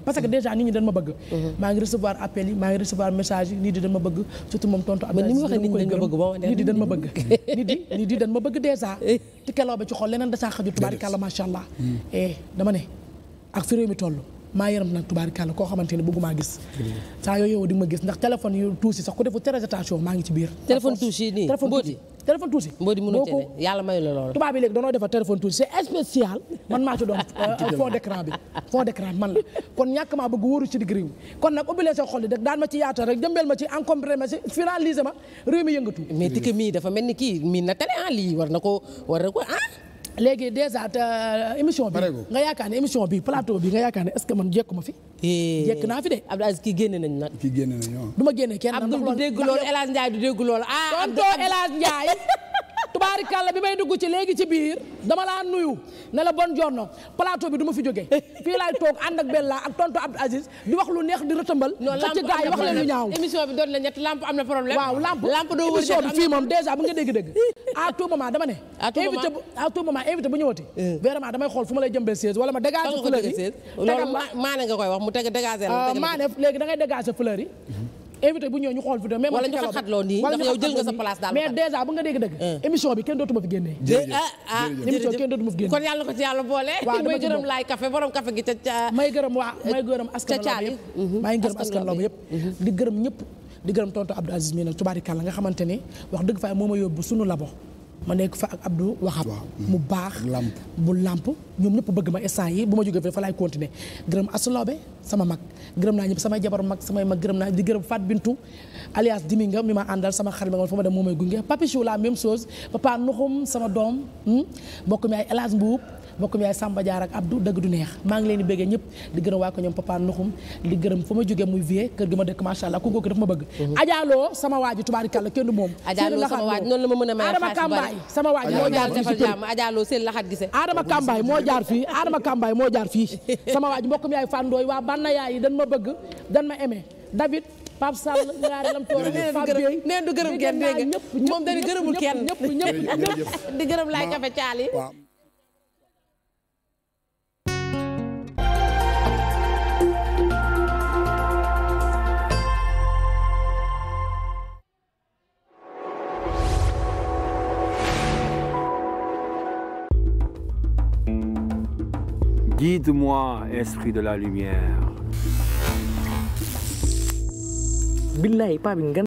parce que mm-hmm. déjà nit ñi dañ ma bëgg mm-hmm. maa ngi recevoir appel yi maa ngi recevoir message nit di dañ ma bëgg surtout moom tontu am nit di di dañ ma bëgg déjà Tika Laobé ci xol leneen da saa xaju tubaarikàlla macha allah mm. eh, dama ne ak fi réew maa yaram nag tubaarikàlla koo xamante ne bëggumaa gis saa yoo yow di ma gis ndax téléphone yu tuusi sax ku defu télésitation maa ngi ci biir téléphone tuusi nii mbooti téléphone tuusi mboodi mënu cee yàlla mayu la loolu tubaab bi léegi danoo defar téléphone tuusi c'est spécial man maa ci doon euh, fond d'écran bi fond man la kon ñàkk maa bëgg wóoru ci digg kon nag ubbilee sa xol yi daan ma ci yaatal rek jëmbeel ma ci encombré ma ci finaliser ma réew mi yëngatu mais tikk mii dafa mel ni kii mii na télé ah lii war léegi déjà euh, émission bi nga yaakaar ne émission bi plateau bi nga yaakaar ne est-ce que man jekku ma fi. jekk naa fi de. Abdou Aziz kii génne nañ nag. kii génne nañ du ma génne kenn. Abdou du dégg loolu El Hadj Ndiaye du dégg loolu. Ah, tubaarikàlla bi may dugg ci léegi ci biir dama laa nuyu na la bon jorno plateau bi du ma fi jóge fii laay toog ànd ak Bella ak tonto Abdou Aziz di wax lu neex di rëtëmbal ci gaa yi wax leen lu ñaaw bi doon na ñett lamp am na problème nga dégg-dégg à tout moment dama ne invité à tout moment invité bu ñëwati euh. vraiment damay xool fu ma lay jëmbee siège wala ma dégager fleur yi maane nga koy wax mu teg dégager euh, maane léegi dangay ngay dégager fleur yi mhm. invité bu ñëw ñu xool vidéo mais wala ñu xatloo nii ndax yow jël nga sa place daal mais déjà ba nga dégg dëgg émission bi kenn dootuma fi génnee ah, ah, kon yàlla ko ci yàlla boole may gërëm laay café borom café gi may gërëm waa may gërëm askan lawbe yëpp di gërëm ñëpp di gërëm tonton Abdou Aziz mi nag nga xamante ni wax dëgg faay moo ma yóbbu sunu labo ma nekk fa ak Abdou Waxab mu mm-hmm. baax bu làmp ñoom ñëpp bëgg ma instant yi bu ma jógee fa laay continuer gërëm asulawbe sama mag gërëm naa ñëpp samay jabar mag samay mag gërëm naa di gërëm Fat Bintou alias Diminga mi ma àndal sama xarit ma nga fa ma dem moo may gunge Papichou la même chose papa Nuxum sama doom hmm? mbokk mi ay Elas Mbuub mbokkum yaay Samba jaar ak Abdou dëgg du neex maa ngi leen di béggee ñëpp di gërëm waa ko ñoom papa Nuxum di gërëm fa ma jógee muy vie kër gi ma dëkk macha allah ku ko dafa ma bëgg mhm. ajaaloo sama waaji tubaarikàlla kenn du moom Adama Kambaay sama waaji moo jaar fii Adama Kambaay moo jaar fii Adama Kambaay moo jaar fii sama waaji mbokkum yaay Fandooy waa banna yaay yi ma bëgg dañ ma aimé David Pape Sall ñaari lam tool Pape Gueye neen di gërëm laay kafe caal yi Guide-moi, esprit de la lumière. billahi paa bi